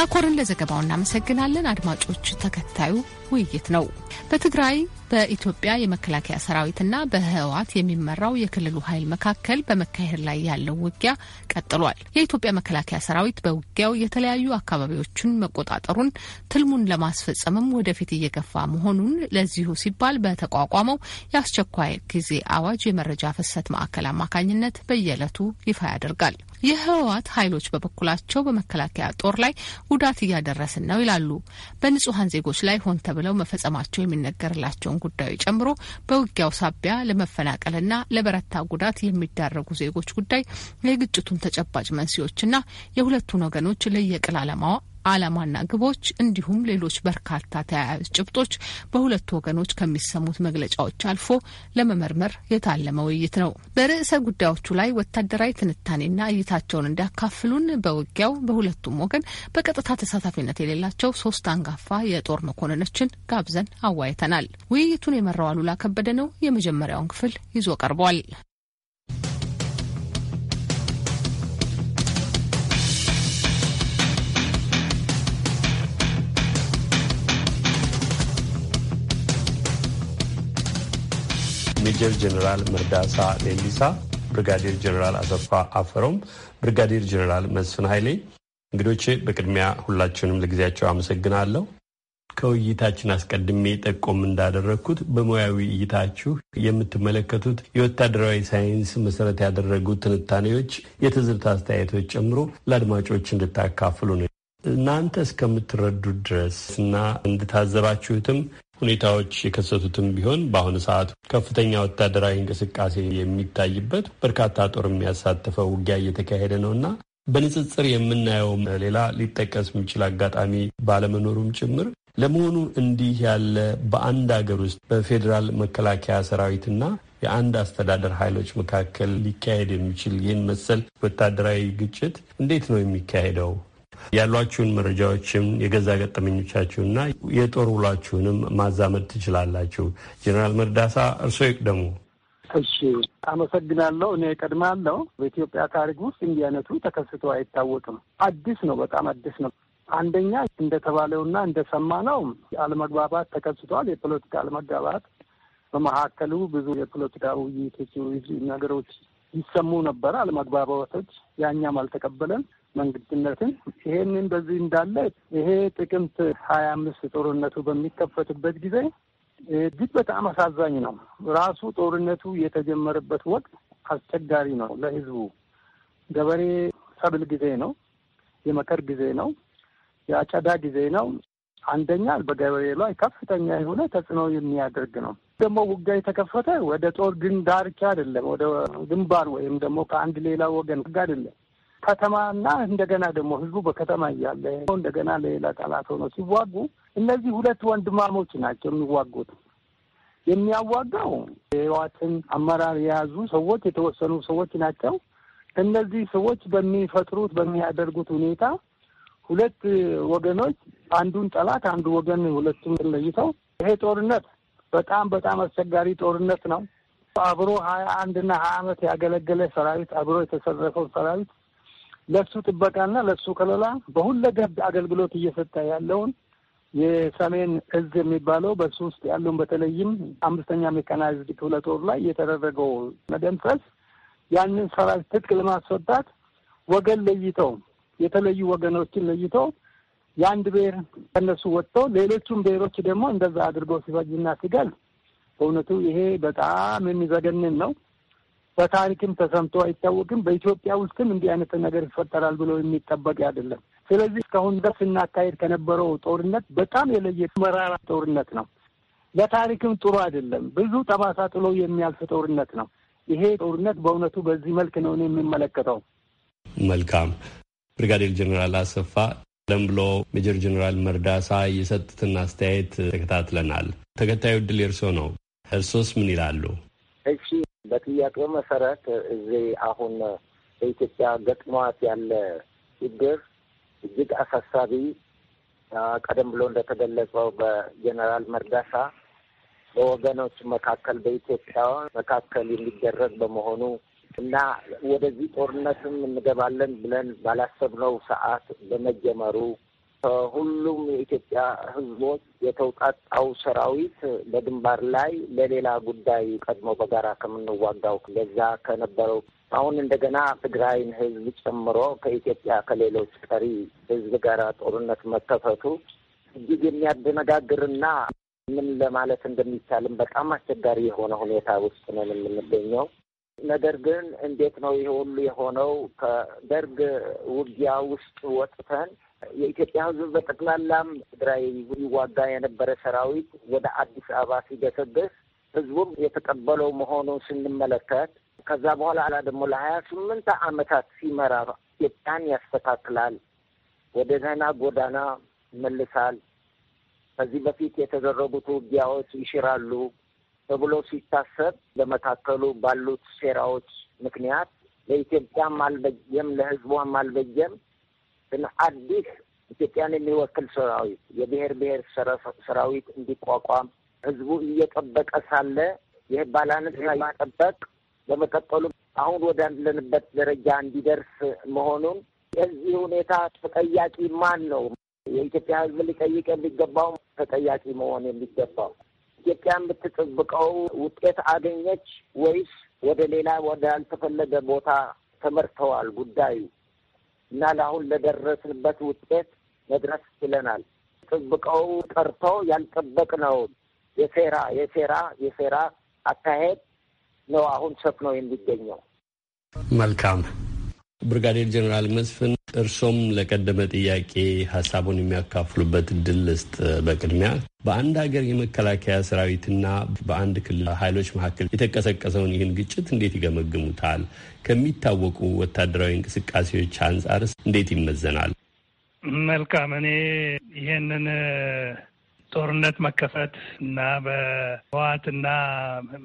ናኮርን ለዘገባው እናመሰግናለን። አድማጮች፣ ተከታዩ ውይይት ነው። በትግራይ በኢትዮጵያ የመከላከያ ሰራዊትና በህወሓት የሚመራው የክልሉ ኃይል መካከል በመካሄድ ላይ ያለው ውጊያ ቀጥሏል። የኢትዮጵያ መከላከያ ሰራዊት በውጊያው የተለያዩ አካባቢዎችን መቆጣጠሩን ትልሙን ለማስፈጸምም ወደፊት እየገፋ መሆኑን ለዚሁ ሲባል በተቋቋመው የአስቸኳይ ጊዜ አዋጅ የመረጃ ፍሰት ማዕከል አማካኝነት በየዕለቱ ይፋ ያደርጋል። የህወሓት ኃይሎች በበኩላቸው በመከላከያ ጦር ላይ ጉዳት እያደረስን ነው ይላሉ። በንጹሐን ዜጎች ላይ ሆን ተብለው መፈጸማቸው የሚነገርላቸውን ጉዳዮች ጨምሮ በውጊያው ሳቢያ ለመፈናቀልና ለበረታ ጉዳት የሚዳረጉ ዜጎች ጉዳይ የግጭቱን ተጨባጭ መንስኤዎችና የሁለቱን ወገኖች ለየቅል ዓላማዋ ዓላማና ግቦች እንዲሁም ሌሎች በርካታ ተያያዥ ጭብጦች በሁለቱ ወገኖች ከሚሰሙት መግለጫዎች አልፎ ለመመርመር የታለመ ውይይት ነው። በርዕሰ ጉዳዮቹ ላይ ወታደራዊ ትንታኔና እይታቸውን እንዲያካፍሉን በውጊያው በሁለቱም ወገን በቀጥታ ተሳታፊነት የሌላቸው ሶስት አንጋፋ የጦር መኮንኖችን ጋብዘን አዋይተናል። ውይይቱን የመራው አሉላ ከበደ ነው። የመጀመሪያውን ክፍል ይዞ ቀርቧል። ሜጀር ጀኔራል መርዳሳ ሌሊሳ፣ ብርጋዴር ጀኔራል አሰፋ አፈሮም፣ ብርጋዴር ጀኔራል መስፍን ኃይሌ እንግዶቼ በቅድሚያ ሁላችሁንም ለጊዜያቸው አመሰግናለሁ። ከውይይታችን አስቀድሜ ጠቆም እንዳደረግኩት በሙያዊ እይታችሁ የምትመለከቱት የወታደራዊ ሳይንስ መሰረት ያደረጉ ትንታኔዎች፣ የትዝብት አስተያየቶች ጨምሮ ለአድማጮች እንድታካፍሉ ነው። እናንተ እስከምትረዱት ድረስ እና እንድታዘባችሁትም ሁኔታዎች የከሰቱትም ቢሆን በአሁኑ ሰዓት ከፍተኛ ወታደራዊ እንቅስቃሴ የሚታይበት በርካታ ጦር የሚያሳትፈው ውጊያ እየተካሄደ ነው እና በንጽጽር የምናየውም ሌላ ሊጠቀስ የሚችል አጋጣሚ ባለመኖሩም ጭምር ለመሆኑ እንዲህ ያለ በአንድ ሀገር ውስጥ በፌዴራል መከላከያ ሰራዊትና የአንድ አስተዳደር ኃይሎች መካከል ሊካሄድ የሚችል ይህን መሰል ወታደራዊ ግጭት እንዴት ነው የሚካሄደው? ያሏችሁን መረጃዎችም የገዛ ገጠመኞቻችሁና የጦር ውሏችሁንም ማዛመድ ትችላላችሁ። ጀኔራል መርዳሳ እርስዎ ይቅደሙ። እሺ፣ አመሰግናለሁ። እኔ ቀድማለሁ። በኢትዮጵያ ታሪክ ውስጥ እንዲህ አይነቱ ተከስቶ አይታወቅም። አዲስ ነው፣ በጣም አዲስ ነው። አንደኛ እንደተባለውና እንደሰማነው አለመግባባት ተከስቷል። የፖለቲካ አለመግባባት በመካከሉ ብዙ የፖለቲካ ውይይቶች ነገሮች ይሰሙ ነበር አለመግባባቶች ያኛም አልተቀበለን መንግስትነትን ይሄንን በዚህ እንዳለ ይሄ ጥቅምት ሀያ አምስት ጦርነቱ በሚከፈትበት ጊዜ እጅግ በጣም አሳዛኝ ነው። ራሱ ጦርነቱ የተጀመረበት ወቅት አስቸጋሪ ነው ለህዝቡ። ገበሬ ሰብል ጊዜ ነው፣ የመከር ጊዜ ነው፣ የአጨዳ ጊዜ ነው። አንደኛ በገበሬ ላይ ከፍተኛ የሆነ ተጽዕኖ የሚያደርግ ነው። ደግሞ ውጊያ የተከፈተ ወደ ጦር ግን ዳርቻ አይደለም፣ ወደ ግንባር ወይም ደግሞ ከአንድ ሌላ ወገን ጋ አይደለም ከተማና እንደገና ደግሞ ህዝቡ በከተማ እያለ እንደገና ለሌላ ጠላት ሆኖ ሲዋጉ እነዚህ ሁለት ወንድማሞች ናቸው የሚዋጉት። የሚያዋጋው የህወሓትን አመራር የያዙ ሰዎች የተወሰኑ ሰዎች ናቸው። እነዚህ ሰዎች በሚፈጥሩት በሚያደርጉት ሁኔታ ሁለት ወገኖች አንዱን ጠላት አንዱ ወገን ሁለቱም ለይተው ይሄ ጦርነት በጣም በጣም አስቸጋሪ ጦርነት ነው። አብሮ ሀያ አንድና ሀያ አመት ያገለገለ ሰራዊት አብሮ የተሰረፈው ሰራዊት ለሱ ጥበቃና ለሱ ከለላ በሁለገብ አገልግሎት እየሰጠ ያለውን የሰሜን እዝ የሚባለው በሱ ውስጥ ያለውን በተለይም አምስተኛ ሜካናይዝድ ክፍለ ጦር ላይ የተደረገው መደምሰስ ያንን ሰራዊት ትጥቅ ለማስወጣት ወገን ለይተው የተለዩ ወገኖችን ለይተው የአንድ ብሔር ከነሱ ወጥተው ሌሎቹን ብሔሮች ደግሞ እንደዛ አድርገው ሲፈጅና ሲገል በእውነቱ ይሄ በጣም የሚዘገንን ነው። በታሪክም ተሰምቶ አይታወቅም። በኢትዮጵያ ውስጥም እንዲህ አይነት ነገር ይፈጠራል ብሎ የሚጠበቅ አይደለም። ስለዚህ እስካሁን ድረስ ስናካሄድ ከነበረው ጦርነት በጣም የለየ መራራ ጦርነት ነው። ለታሪክም ጥሩ አይደለም። ብዙ ጠባሳ ጥሎ የሚያልፍ ጦርነት ነው። ይሄ ጦርነት በእውነቱ በዚህ መልክ ነው የሚመለከተው። መልካም ብሪጋዴር ጀኔራል አሰፋ ቀደም ብሎ ሜጀር ጀኔራል መርዳሳ የሰጡትን አስተያየት ተከታትለናል። ተከታዩ ድል የእርሶ ነው። እርሶስ ምን ይላሉ? እሺ በጥያቄው መሰረት እዚህ አሁን በኢትዮጵያ ገጥሟት ያለ ችግር እጅግ አሳሳቢ ቀደም ብሎ እንደተገለጸው በጀነራል መርዳሳ በወገኖች መካከል በኢትዮጵያ መካከል የሚደረግ በመሆኑ እና ወደዚህ ጦርነትም እንገባለን ብለን ባላሰብነው ሰዓት በመጀመሩ ከሁሉም የኢትዮጵያ ህዝቦች የተውጣጣው ሰራዊት በግንባር ላይ ለሌላ ጉዳይ ቀድሞ በጋራ ከምንዋጋው ለዛ ከነበረው አሁን እንደገና ትግራይን ህዝብ ጨምሮ ከኢትዮጵያ ከሌሎች ቀሪ ህዝብ ጋር ጦርነት መከፈቱ እጅግ የሚያደነጋግርና ምን ለማለት እንደሚቻልም በጣም አስቸጋሪ የሆነ ሁኔታ ውስጥ ነን የምንገኘው። ነገር ግን እንዴት ነው ይህ ሁሉ የሆነው? ከደርግ ውጊያ ውስጥ ወጥተን የኢትዮጵያ ሕዝብ በጠቅላላም ትግራይ ይዋጋ የነበረ ሰራዊት ወደ አዲስ አበባ ሲገሰግስ ሕዝቡም የተቀበለው መሆኑን ስንመለከት ከዛ በኋላ አላ ደግሞ ለሀያ ስምንት ዓመታት ሲመራ ኢትዮጵያን ያስተካክላል፣ ወደ ደህና ጎዳና ይመልሳል፣ ከዚህ በፊት የተደረጉት ውጊያዎች ይሽራሉ ተብሎ ሲታሰብ በመካከሉ ባሉት ሴራዎች ምክንያት ለኢትዮጵያም አልበየም ለሕዝቧም አልበየም ግን አዲስ ኢትዮጵያን የሚወክል ሰራዊት የብሔር ብሔር ሰራዊት እንዲቋቋም ህዝቡ እየጠበቀ ሳለ ይህ ባላንስ ሳይጠበቅ በመቀጠሉ አሁን ወዳለንበት ደረጃ እንዲደርስ መሆኑን የዚህ ሁኔታ ተጠያቂ ማን ነው? የኢትዮጵያ ህዝብ ሊጠይቅ የሚገባው ተጠያቂ መሆን የሚገባው ኢትዮጵያ የምትጠብቀው ውጤት አገኘች ወይስ ወደ ሌላ ወዳልተፈለገ ቦታ ተመርተዋል ጉዳዩ እና ለአሁን ለደረስንበት ውጤት መድረስ ችለናል። ጥብቀው ቀርቶ ያልጠበቅነው የሴራ የሴራ የሴራ አካሄድ ነው አሁን ሰፍኖ የሚገኘው። መልካም ብርጋዴር ጀኔራል መስፍን እርሶም ለቀደመ ጥያቄ ሀሳቡን የሚያካፍሉበት እድል ልስጥ። በቅድሚያ በአንድ ሀገር የመከላከያ ሰራዊትና በአንድ ክልል ኃይሎች መካከል የተቀሰቀሰውን ይህን ግጭት እንዴት ይገመግሙታል? ከሚታወቁ ወታደራዊ እንቅስቃሴዎች አንጻርስ እንዴት ይመዘናል? መልካም። እኔ ይህንን ጦርነት መከፈት እና በህወሓት እና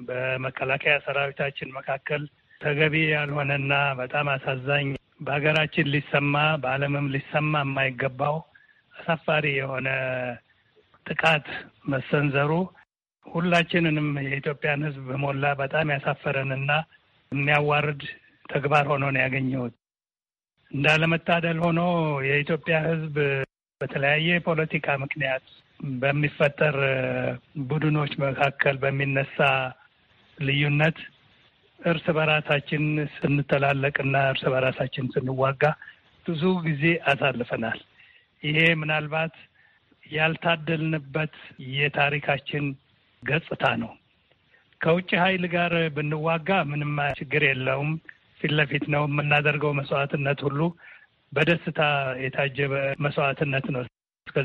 በመከላከያ ሰራዊታችን መካከል ተገቢ ያልሆነና በጣም አሳዛኝ በሀገራችን ሊሰማ በዓለምም ሊሰማ የማይገባው አሳፋሪ የሆነ ጥቃት መሰንዘሩ ሁላችንንም የኢትዮጵያን ሕዝብ በሞላ በጣም ያሳፈረንና የሚያዋርድ ተግባር ሆኖ ነው ያገኘሁት። እንዳለመታደል ሆኖ የኢትዮጵያ ሕዝብ በተለያየ የፖለቲካ ምክንያት በሚፈጠር ቡድኖች መካከል በሚነሳ ልዩነት እርስ በራሳችን ስንተላለቅና እርስ በራሳችን ስንዋጋ ብዙ ጊዜ አሳልፈናል። ይሄ ምናልባት ያልታደልንበት የታሪካችን ገጽታ ነው። ከውጭ ኃይል ጋር ብንዋጋ ምንም ችግር የለውም። ፊት ለፊት ነው የምናደርገው። መስዋዕትነት ሁሉ በደስታ የታጀበ መስዋዕትነት ነው።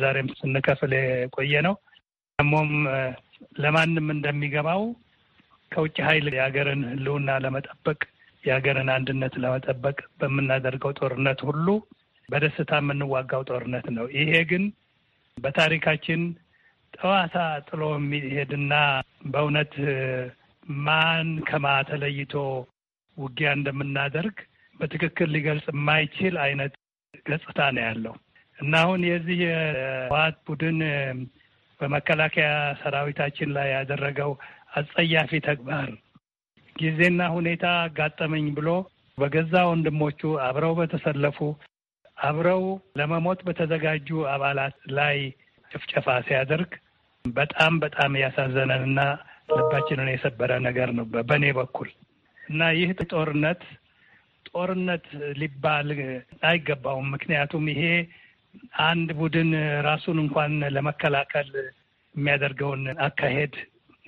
ዛሬም ስንከፍል የቆየ ነው። ደግሞም ለማንም እንደሚገባው ከውጭ ኃይል የሀገርን ህልውና ለመጠበቅ የሀገርን አንድነት ለመጠበቅ በምናደርገው ጦርነት ሁሉ በደስታ የምንዋጋው ጦርነት ነው። ይሄ ግን በታሪካችን ጠዋታ ጥሎ የሚሄድና በእውነት ማን ከማ ተለይቶ ውጊያ እንደምናደርግ በትክክል ሊገልጽ የማይችል አይነት ገጽታ ነው ያለው እና አሁን የዚህ የህወሓት ቡድን በመከላከያ ሰራዊታችን ላይ ያደረገው አጸያፊ ተግባር ጊዜና ሁኔታ አጋጠመኝ ብሎ በገዛ ወንድሞቹ አብረው በተሰለፉ አብረው ለመሞት በተዘጋጁ አባላት ላይ ጭፍጨፋ ሲያደርግ በጣም በጣም ያሳዘነን እና ልባችንን የሰበረ ነገር ነው በእኔ በኩል እና ይህ ጦርነት ጦርነት ሊባል አይገባውም። ምክንያቱም ይሄ አንድ ቡድን ራሱን እንኳን ለመከላከል የሚያደርገውን አካሄድ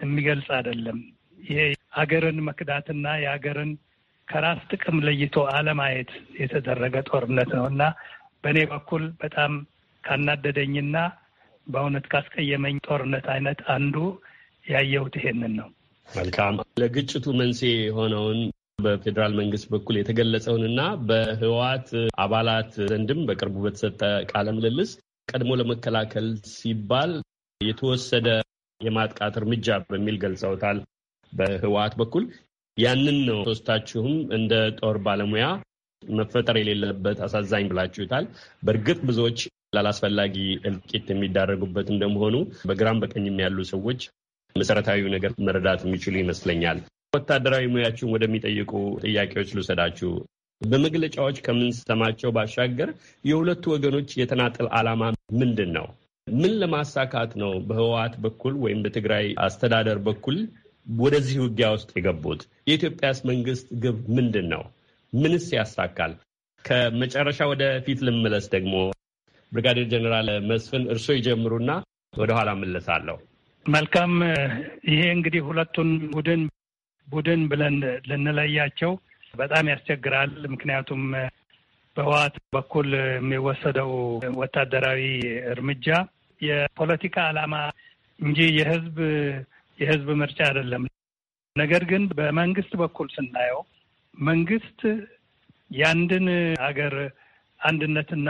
የሚገልጽ አይደለም። ይሄ ሀገርን መክዳትና የሀገርን ከራስ ጥቅም ለይቶ አለማየት የተደረገ ጦርነት ነው እና በእኔ በኩል በጣም ካናደደኝና በእውነት ካስቀየመኝ ጦርነት አይነት አንዱ ያየሁት ይሄንን ነው። መልካም። ለግጭቱ መንስኤ የሆነውን በፌዴራል መንግስት በኩል የተገለጸውንና በህወሓት አባላት ዘንድም በቅርቡ በተሰጠ ቃለ ምልልስ ቀድሞ ለመከላከል ሲባል የተወሰደ የማጥቃት እርምጃ በሚል ገልጸውታል በህወሀት በኩል ያንን ነው ሶስታችሁም እንደ ጦር ባለሙያ መፈጠር የሌለበት አሳዛኝ ብላችሁታል። በእርግጥ ብዙዎች ላላስፈላጊ እልቂት የሚዳረጉበት እንደመሆኑ በግራም በቀኝም ያሉ ሰዎች መሰረታዊ ነገር መረዳት የሚችሉ ይመስለኛል። ወታደራዊ ሙያችሁን ወደሚጠይቁ ጥያቄዎች ልውሰዳችሁ። በመግለጫዎች ከምንሰማቸው ባሻገር የሁለቱ ወገኖች የተናጠል ዓላማ ምንድን ነው? ምን ለማሳካት ነው በህወሓት በኩል ወይም በትግራይ አስተዳደር በኩል ወደዚህ ውጊያ ውስጥ የገቡት? የኢትዮጵያስ መንግስት ግብ ምንድን ነው? ምንስ ያሳካል? ከመጨረሻ ወደፊት ልመለስ። ደግሞ ብርጋዴር ጀኔራል መስፍን እርስዎ ይጀምሩና ወደኋላ መለሳለሁ። መልካም። ይሄ እንግዲህ ሁለቱን ቡድን ቡድን ብለን ልንለያቸው በጣም ያስቸግራል። ምክንያቱም በህወሓት በኩል የሚወሰደው ወታደራዊ እርምጃ የፖለቲካ ዓላማ እንጂ የህዝብ የህዝብ ምርጫ አይደለም። ነገር ግን በመንግስት በኩል ስናየው መንግስት የአንድን ሀገር አንድነትና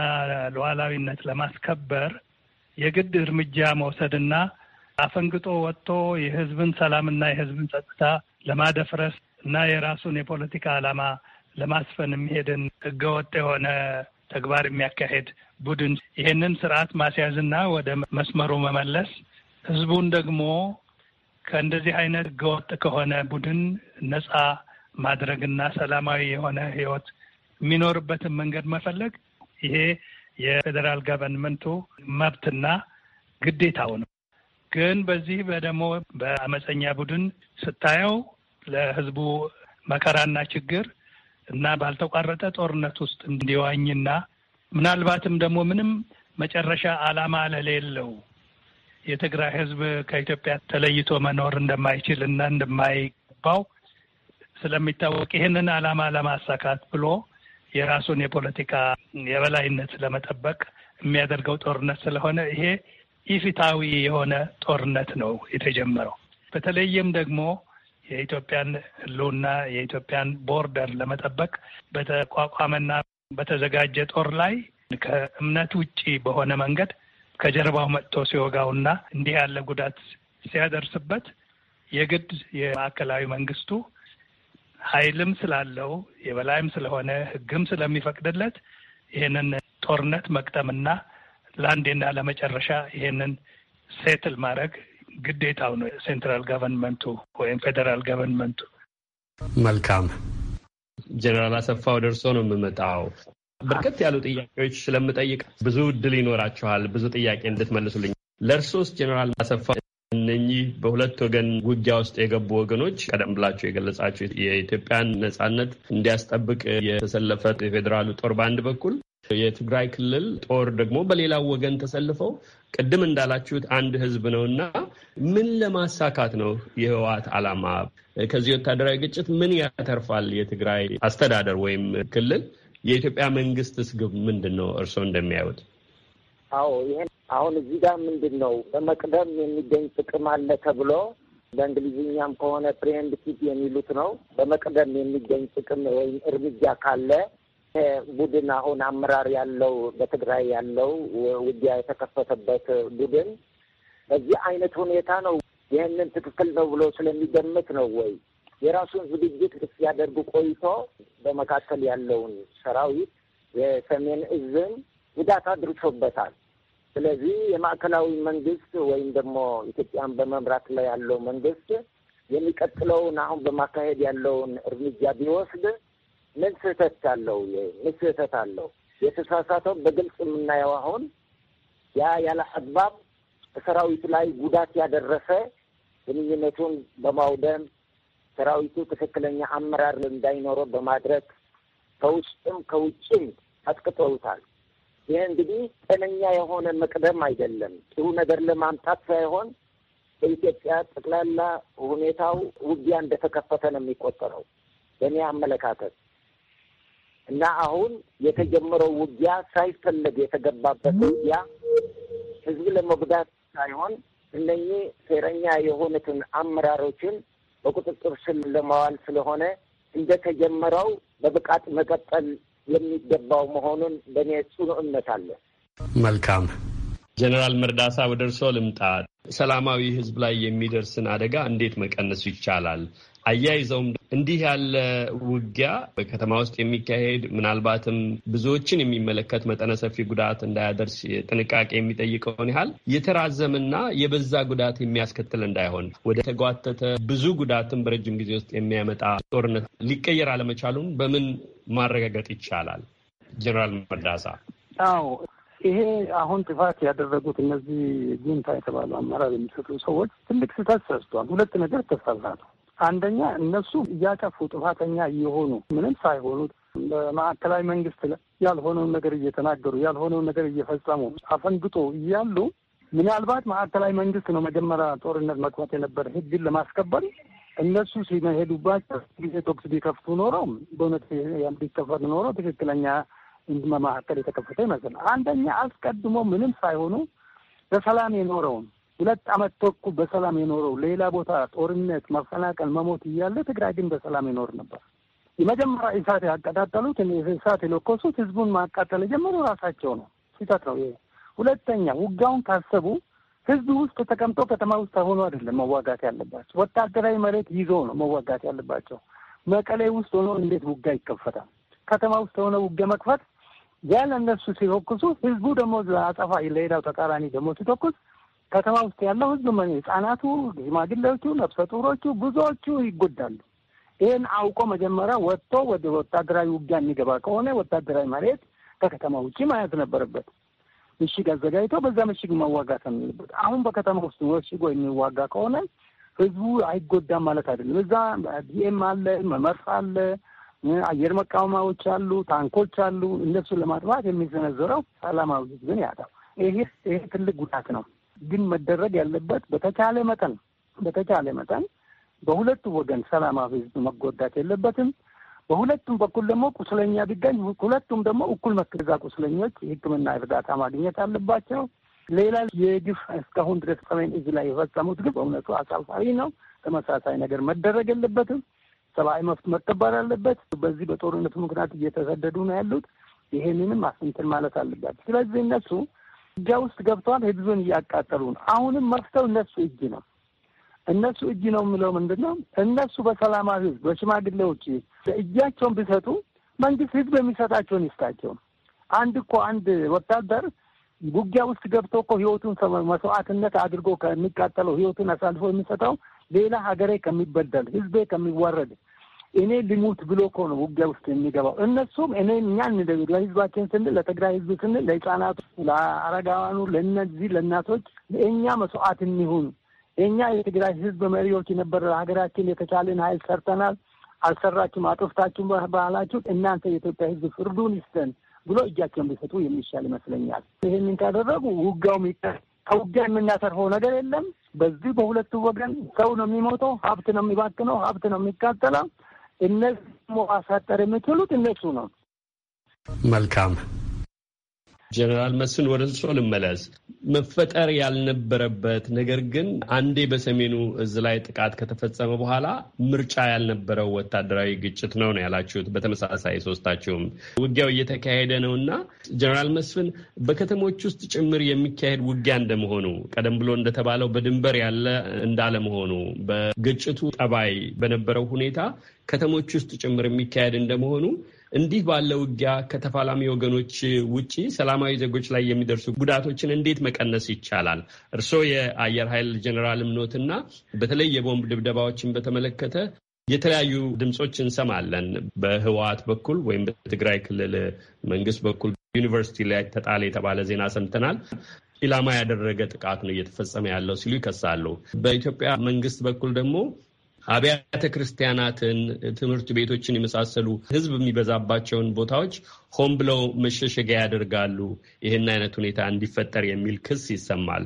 ሉዓላዊነት ለማስከበር የግድ እርምጃ መውሰድና አፈንግጦ ወጥቶ የህዝብን ሰላምና የህዝብን ጸጥታ ለማደፍረስ እና የራሱን የፖለቲካ ዓላማ ለማስፈን የሚሄድን ህገወጥ የሆነ ተግባር የሚያካሄድ ቡድን ይሄንን ስርዓት ማስያዝና ወደ መስመሩ መመለስ ህዝቡን ደግሞ ከእንደዚህ አይነት ህገወጥ ከሆነ ቡድን ነጻ ማድረግና ሰላማዊ የሆነ ህይወት የሚኖርበትን መንገድ መፈለግ ይሄ የፌዴራል ገቨርንመንቱ መብትና ግዴታው ነው። ግን በዚህ በደግሞ በአመፀኛ ቡድን ስታየው ለህዝቡ መከራና ችግር እና ባልተቋረጠ ጦርነት ውስጥ እንዲዋኝና ምናልባትም ደግሞ ምንም መጨረሻ ዓላማ ለሌለው የትግራይ ህዝብ ከኢትዮጵያ ተለይቶ መኖር እንደማይችል እና እንደማይገባው ስለሚታወቅ ይህንን ዓላማ ለማሳካት ብሎ የራሱን የፖለቲካ የበላይነት ለመጠበቅ የሚያደርገው ጦርነት ስለሆነ ይሄ ኢፍትሐዊ የሆነ ጦርነት ነው የተጀመረው። በተለይም ደግሞ የኢትዮጵያን ህልውና የኢትዮጵያን ቦርደር ለመጠበቅ በተቋቋመና በተዘጋጀ ጦር ላይ ከእምነት ውጪ በሆነ መንገድ ከጀርባው መጥቶ ሲወጋውና እንዲህ ያለ ጉዳት ሲያደርስበት የግድ የማዕከላዊ መንግስቱ ኃይልም ስላለው የበላይም ስለሆነ ሕግም ስለሚፈቅድለት ይህንን ጦርነት መቅጠምና ለአንዴና ለመጨረሻ ይህንን ሴትል ማድረግ ግዴታው ነው ሴንትራል ገቨርንመንቱ ወይም ፌዴራል ገቨርንመንቱ። መልካም ጀነራል አሰፋው ደርሶ ነው የምመጣው። በርከት ያሉ ጥያቄዎች ስለምጠይቅ ብዙ እድል ይኖራችኋል፣ ብዙ ጥያቄ እንድትመልሱልኝ። ለእርሶስ ጀነራል አሰፋ እነኚህ በሁለት ወገን ውጊያ ውስጥ የገቡ ወገኖች ቀደም ብላቸው የገለጻቸው የኢትዮጵያን ነጻነት እንዲያስጠብቅ የተሰለፈ የፌዴራሉ ጦር በአንድ በኩል የትግራይ ክልል ጦር ደግሞ በሌላው ወገን ተሰልፈው ቅድም እንዳላችሁት አንድ ህዝብ ነውና ምን ለማሳካት ነው የህወሓት ዓላማ? ከዚህ ወታደራዊ ግጭት ምን ያተርፋል የትግራይ አስተዳደር ወይም ክልል? የኢትዮጵያ መንግስትስ ግብ ምንድን ነው? እርስዎ እንደሚያዩት? አዎ ይህን አሁን እዚህ ጋር ምንድን ነው በመቅደም የሚገኝ ጥቅም አለ ተብሎ በእንግሊዝኛም ከሆነ ፍሬንድ የሚሉት ነው። በመቅደም የሚገኝ ጥቅም ወይም እርምጃ ካለ ቡድን አሁን አመራር ያለው በትግራይ ያለው ውጊያ የተከፈተበት ቡድን በዚህ አይነት ሁኔታ ነው። ይህንን ትክክል ነው ብሎ ስለሚገምት ነው ወይ የራሱን ዝግጅት ሲያደርጉ ቆይቶ በመካከል ያለውን ሰራዊት የሰሜን እዝን ጉዳት አድርሶበታል። ስለዚህ የማዕከላዊ መንግስት ወይም ደግሞ ኢትዮጵያን በመምራት ላይ ያለው መንግስት የሚቀጥለውን አሁን በማካሄድ ያለውን እርምጃ ቢወስድ ምን ስህተት አለው? ምን ስህተት አለው? የተሳሳተው በግልጽ የምናየው አሁን ያ ያለ አግባብ ሰራዊት ላይ ጉዳት ያደረሰ ግንኙነቱን በማውደም ሰራዊቱ ትክክለኛ አመራር እንዳይኖረው በማድረግ ከውስጥም ከውጭም አጥቅጠውታል። ይህ እንግዲህ ጤነኛ የሆነ መቅደም አይደለም። ጥሩ ነገር ለማምጣት ሳይሆን በኢትዮጵያ ጠቅላላ ሁኔታው ውጊያ እንደተከፈተ ነው የሚቆጠረው በእኔ አመለካከት እና አሁን የተጀመረው ውጊያ ሳይፈለግ የተገባበት ውጊያ ህዝብ ለመጉዳት ሳይሆን እነኚህ ሴረኛ የሆኑትን አመራሮችን በቁጥጥር ስር ለማዋል ስለሆነ እንደተጀመረው በብቃት መቀጠል የሚገባው መሆኑን በእኔ ጽኑ እምነት አለ። መልካም ጀኔራል መርዳሳ ወደ እርስዎ ልምጣ። ሰላማዊ ህዝብ ላይ የሚደርስን አደጋ እንዴት መቀነስ ይቻላል? አያይዘውም እንዲህ ያለ ውጊያ በከተማ ውስጥ የሚካሄድ ምናልባትም ብዙዎችን የሚመለከት መጠነ ሰፊ ጉዳት እንዳያደርስ ጥንቃቄ የሚጠይቀውን ያህል የተራዘመና የበዛ ጉዳት የሚያስከትል እንዳይሆን ወደ ተጓተተ ብዙ ጉዳትን በረጅም ጊዜ ውስጥ የሚያመጣ ጦርነት ሊቀየር አለመቻሉን በምን ማረጋገጥ ይቻላል? ጀኔራል መርዳሳ አዎ ይሄ አሁን ጥፋት ያደረጉት እነዚህ ጉንታ የተባሉ አመራር የሚሰጡ ሰዎች ትልቅ ስህተት ሰርቷል። ሁለት ነገር ነው። አንደኛ እነሱ እያጠፉ ጥፋተኛ እየሆኑ ምንም ሳይሆኑ በማዕከላዊ መንግስት ያልሆነውን ነገር እየተናገሩ ያልሆነውን ነገር እየፈጸሙ አፈንግጦ እያሉ ምናልባት ማዕከላዊ መንግስት ነው መጀመሪያ ጦርነት መግባት የነበረ ህግን ለማስከበር እነሱ ሲመሄዱባቸው ጊዜ ቶክስ ቢከፍቱ ኖረው በእውነት ቢከፈት ኖረው ትክክለኛ መካከል የተከፈተ ይመስል አንደኛ አስቀድሞ ምንም ሳይሆኑ በሰላም የኖረውን ሁለት ዓመት ተኩል በሰላም የኖረው ሌላ ቦታ ጦርነት፣ መፈናቀል፣ መሞት እያለ ትግራይ ግን በሰላም ይኖር ነበር። የመጀመሪያ እሳት ያቀጣጠሉት እሳት የለኮሱት ህዝቡን ማቃጠል የጀመሩ ራሳቸው ነው። ስህተት ነው ይሄ። ሁለተኛ ውጋውን ካሰቡ ህዝብ ውስጥ ተቀምጦ ከተማ ውስጥ ሆኖ አይደለም መዋጋት ያለባቸው። ወታደራዊ መሬት ይዞ ነው መዋጋት ያለባቸው። መቀሌ ውስጥ ሆኖ እንዴት ውጋ ይከፈታል? ከተማ ውስጥ ሆነ ውጋ መክፈት ያለ እነሱ ሲተኩሱ፣ ህዝቡ ደግሞ አጸፋ ለሄዳው ተቃራኒ ደግሞ ሲተኩስ ከተማ ውስጥ ያለው ህዝብ መ ህጻናቱ፣ ሽማግሌዎቹ፣ ነፍሰ ጡሮቹ ብዙዎቹ ይጎዳሉ። ይህን አውቆ መጀመሪያ ወጥቶ ወደ ወታደራዊ ውጊያ የሚገባ ከሆነ ወታደራዊ መሬት ከከተማ ውጭ ማየት ነበረበት። ምሽግ አዘጋጅቶ በዛ ምሽግ መዋጋት አለበት። አሁን በከተማ ውስጥ ወሽጎ የሚዋጋ ከሆነ ህዝቡ አይጎዳም ማለት አይደለም። እዛ ዲኤም አለ፣ መመርፍ አለ፣ አየር መቃወማዎች አሉ፣ ታንኮች አሉ። እነሱን ለማጥፋት የሚዘነዘረው ሰላማዊ ህዝብን ያጣው ይሄ ይሄ ትልቅ ጉዳት ነው። ግን መደረግ ያለበት በተቻለ መጠን በተቻለ መጠን በሁለቱ ወገን ሰላማዊ ህዝብ መጎዳት የለበትም። በሁለቱም በኩል ደግሞ ቁስለኛ ቢገኝ ሁለቱም ደግሞ እኩል መክዛ ቁስለኞች የህክምና እርዳታ ማግኘት አለባቸው። ሌላ የግፍ እስካሁን ድረስ ሰሜን እዝ ላይ የፈጸሙት ግፍ በእውነቱ አሳፋሪ ነው። ተመሳሳይ ነገር መደረግ የለበትም። ሰብአዊ መብት መከበር አለበት። በዚህ በጦርነቱ ምክንያት እየተሰደዱ ነው ያሉት። ይሄንንም አስንትን ማለት አለባቸው። ስለዚህ እነሱ እዚያ ውስጥ ገብተዋል። ህዝብን እያቃጠሉ ነው። አሁንም መፍተው እነሱ እጅ ነው እነሱ እጅ ነው የምለው ምንድን ነው? እነሱ በሰላማዊ ህዝብ በሽማግሌዎች እጃቸውን ቢሰጡ መንግስት ህዝብ የሚሰጣቸውን ይስጣቸው። አንድ እኮ አንድ ወታደር ውጊያ ውስጥ ገብቶ እኮ ህይወቱን መስዋዕትነት አድርጎ ከሚቃጠለው ህይወቱን አሳልፎ የሚሰጠው ሌላ ሀገሬ ከሚበደል ህዝቤ ከሚዋረድ እኔ ልሙት ብሎ እኮ ነው ውጊያ ውስጥ የሚገባው። እነሱም እኔ እኛ እኛን ለህዝባችን ስንል ለትግራይ ህዝብ ስንል ለህጻናቱ፣ ለአረጋውያኑ፣ ለነዚህ ለእናቶች ለእኛ መስዋዕት እንሁን። እኛ የትግራይ ህዝብ መሪዎች የነበረ ሀገራችን የተቻለን ሀይል ሰርተናል። አልሰራችሁም፣ አጥፍታችሁም ባህላችሁ፣ እናንተ የኢትዮጵያ ህዝብ ፍርዱን ይስጠን ብሎ እጃቸውን ቢሰጡ የሚሻል ይመስለኛል። ይህንን ካደረጉ ውጊያው ይቀር። ከውጊያ የምናተርፈው ነገር የለም። በዚህ በሁለቱ ወገን ሰው ነው የሚሞተው፣ ሀብት ነው የሚባክነው፣ ሀብት ነው የሚቃጠለው። እነሱ ማሳጠር የምትችሉት እነሱ ነው። መልካም ጀኔራል መስፍን ወደ ልመለስ። መፈጠር ያልነበረበት ነገር ግን አንዴ በሰሜኑ እዝ ላይ ጥቃት ከተፈጸመ በኋላ ምርጫ ያልነበረው ወታደራዊ ግጭት ነው ነው ያላችሁት። በተመሳሳይ ሶስታችሁም ውጊያው እየተካሄደ ነው እና ጀኔራል መስፍን በከተሞች ውስጥ ጭምር የሚካሄድ ውጊያ እንደመሆኑ ቀደም ብሎ እንደተባለው በድንበር ያለ እንዳለመሆኑ በግጭቱ ጠባይ በነበረው ሁኔታ ከተሞች ውስጥ ጭምር የሚካሄድ እንደመሆኑ እንዲህ ባለ ውጊያ ከተፋላሚ ወገኖች ውጭ ሰላማዊ ዜጎች ላይ የሚደርሱ ጉዳቶችን እንዴት መቀነስ ይቻላል? እርስዎ የአየር ኃይል ጀኔራል እምኖትና በተለይ የቦምብ ድብደባዎችን በተመለከተ የተለያዩ ድምፆች እንሰማለን። በህወሓት በኩል ወይም በትግራይ ክልል መንግስት በኩል ዩኒቨርሲቲ ላይ ተጣለ የተባለ ዜና ሰምተናል። ኢላማ ያደረገ ጥቃት ነው እየተፈጸመ ያለው ሲሉ ይከሳሉ። በኢትዮጵያ መንግስት በኩል ደግሞ አብያተ ክርስቲያናትን፣ ትምህርት ቤቶችን የመሳሰሉ ህዝብ የሚበዛባቸውን ቦታዎች ሆን ብለው መሸሸጊያ ያደርጋሉ። ይህን አይነት ሁኔታ እንዲፈጠር የሚል ክስ ይሰማል።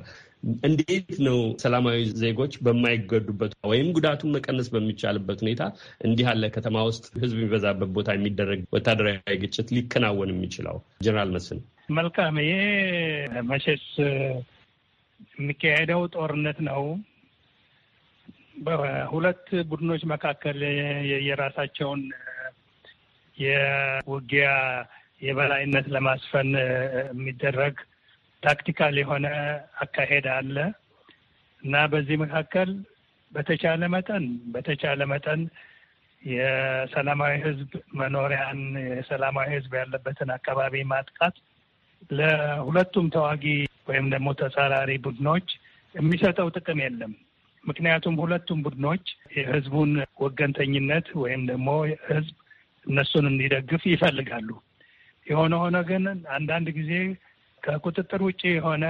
እንዴት ነው ሰላማዊ ዜጎች በማይገዱበት ወይም ጉዳቱን መቀነስ በሚቻልበት ሁኔታ እንዲህ ያለ ከተማ ውስጥ ህዝብ የሚበዛበት ቦታ የሚደረግ ወታደራዊ ግጭት ሊከናወን የሚችለው? ጀነራል መስን መልካም። ይሄ መቼስ የሚካሄደው ጦርነት ነው። በሁለት ቡድኖች መካከል የራሳቸውን የውጊያ የበላይነት ለማስፈን የሚደረግ ታክቲካል የሆነ አካሄድ አለ እና በዚህ መካከል በተቻለ መጠን በተቻለ መጠን የሰላማዊ ሕዝብ መኖሪያን የሰላማዊ ሕዝብ ያለበትን አካባቢ ማጥቃት ለሁለቱም ተዋጊ ወይም ደግሞ ተጻራሪ ቡድኖች የሚሰጠው ጥቅም የለም። ምክንያቱም ሁለቱም ቡድኖች የህዝቡን ወገንተኝነት ወይም ደግሞ ህዝብ እነሱን እንዲደግፍ ይፈልጋሉ። የሆነ ሆነ ግን አንዳንድ ጊዜ ከቁጥጥር ውጭ የሆነ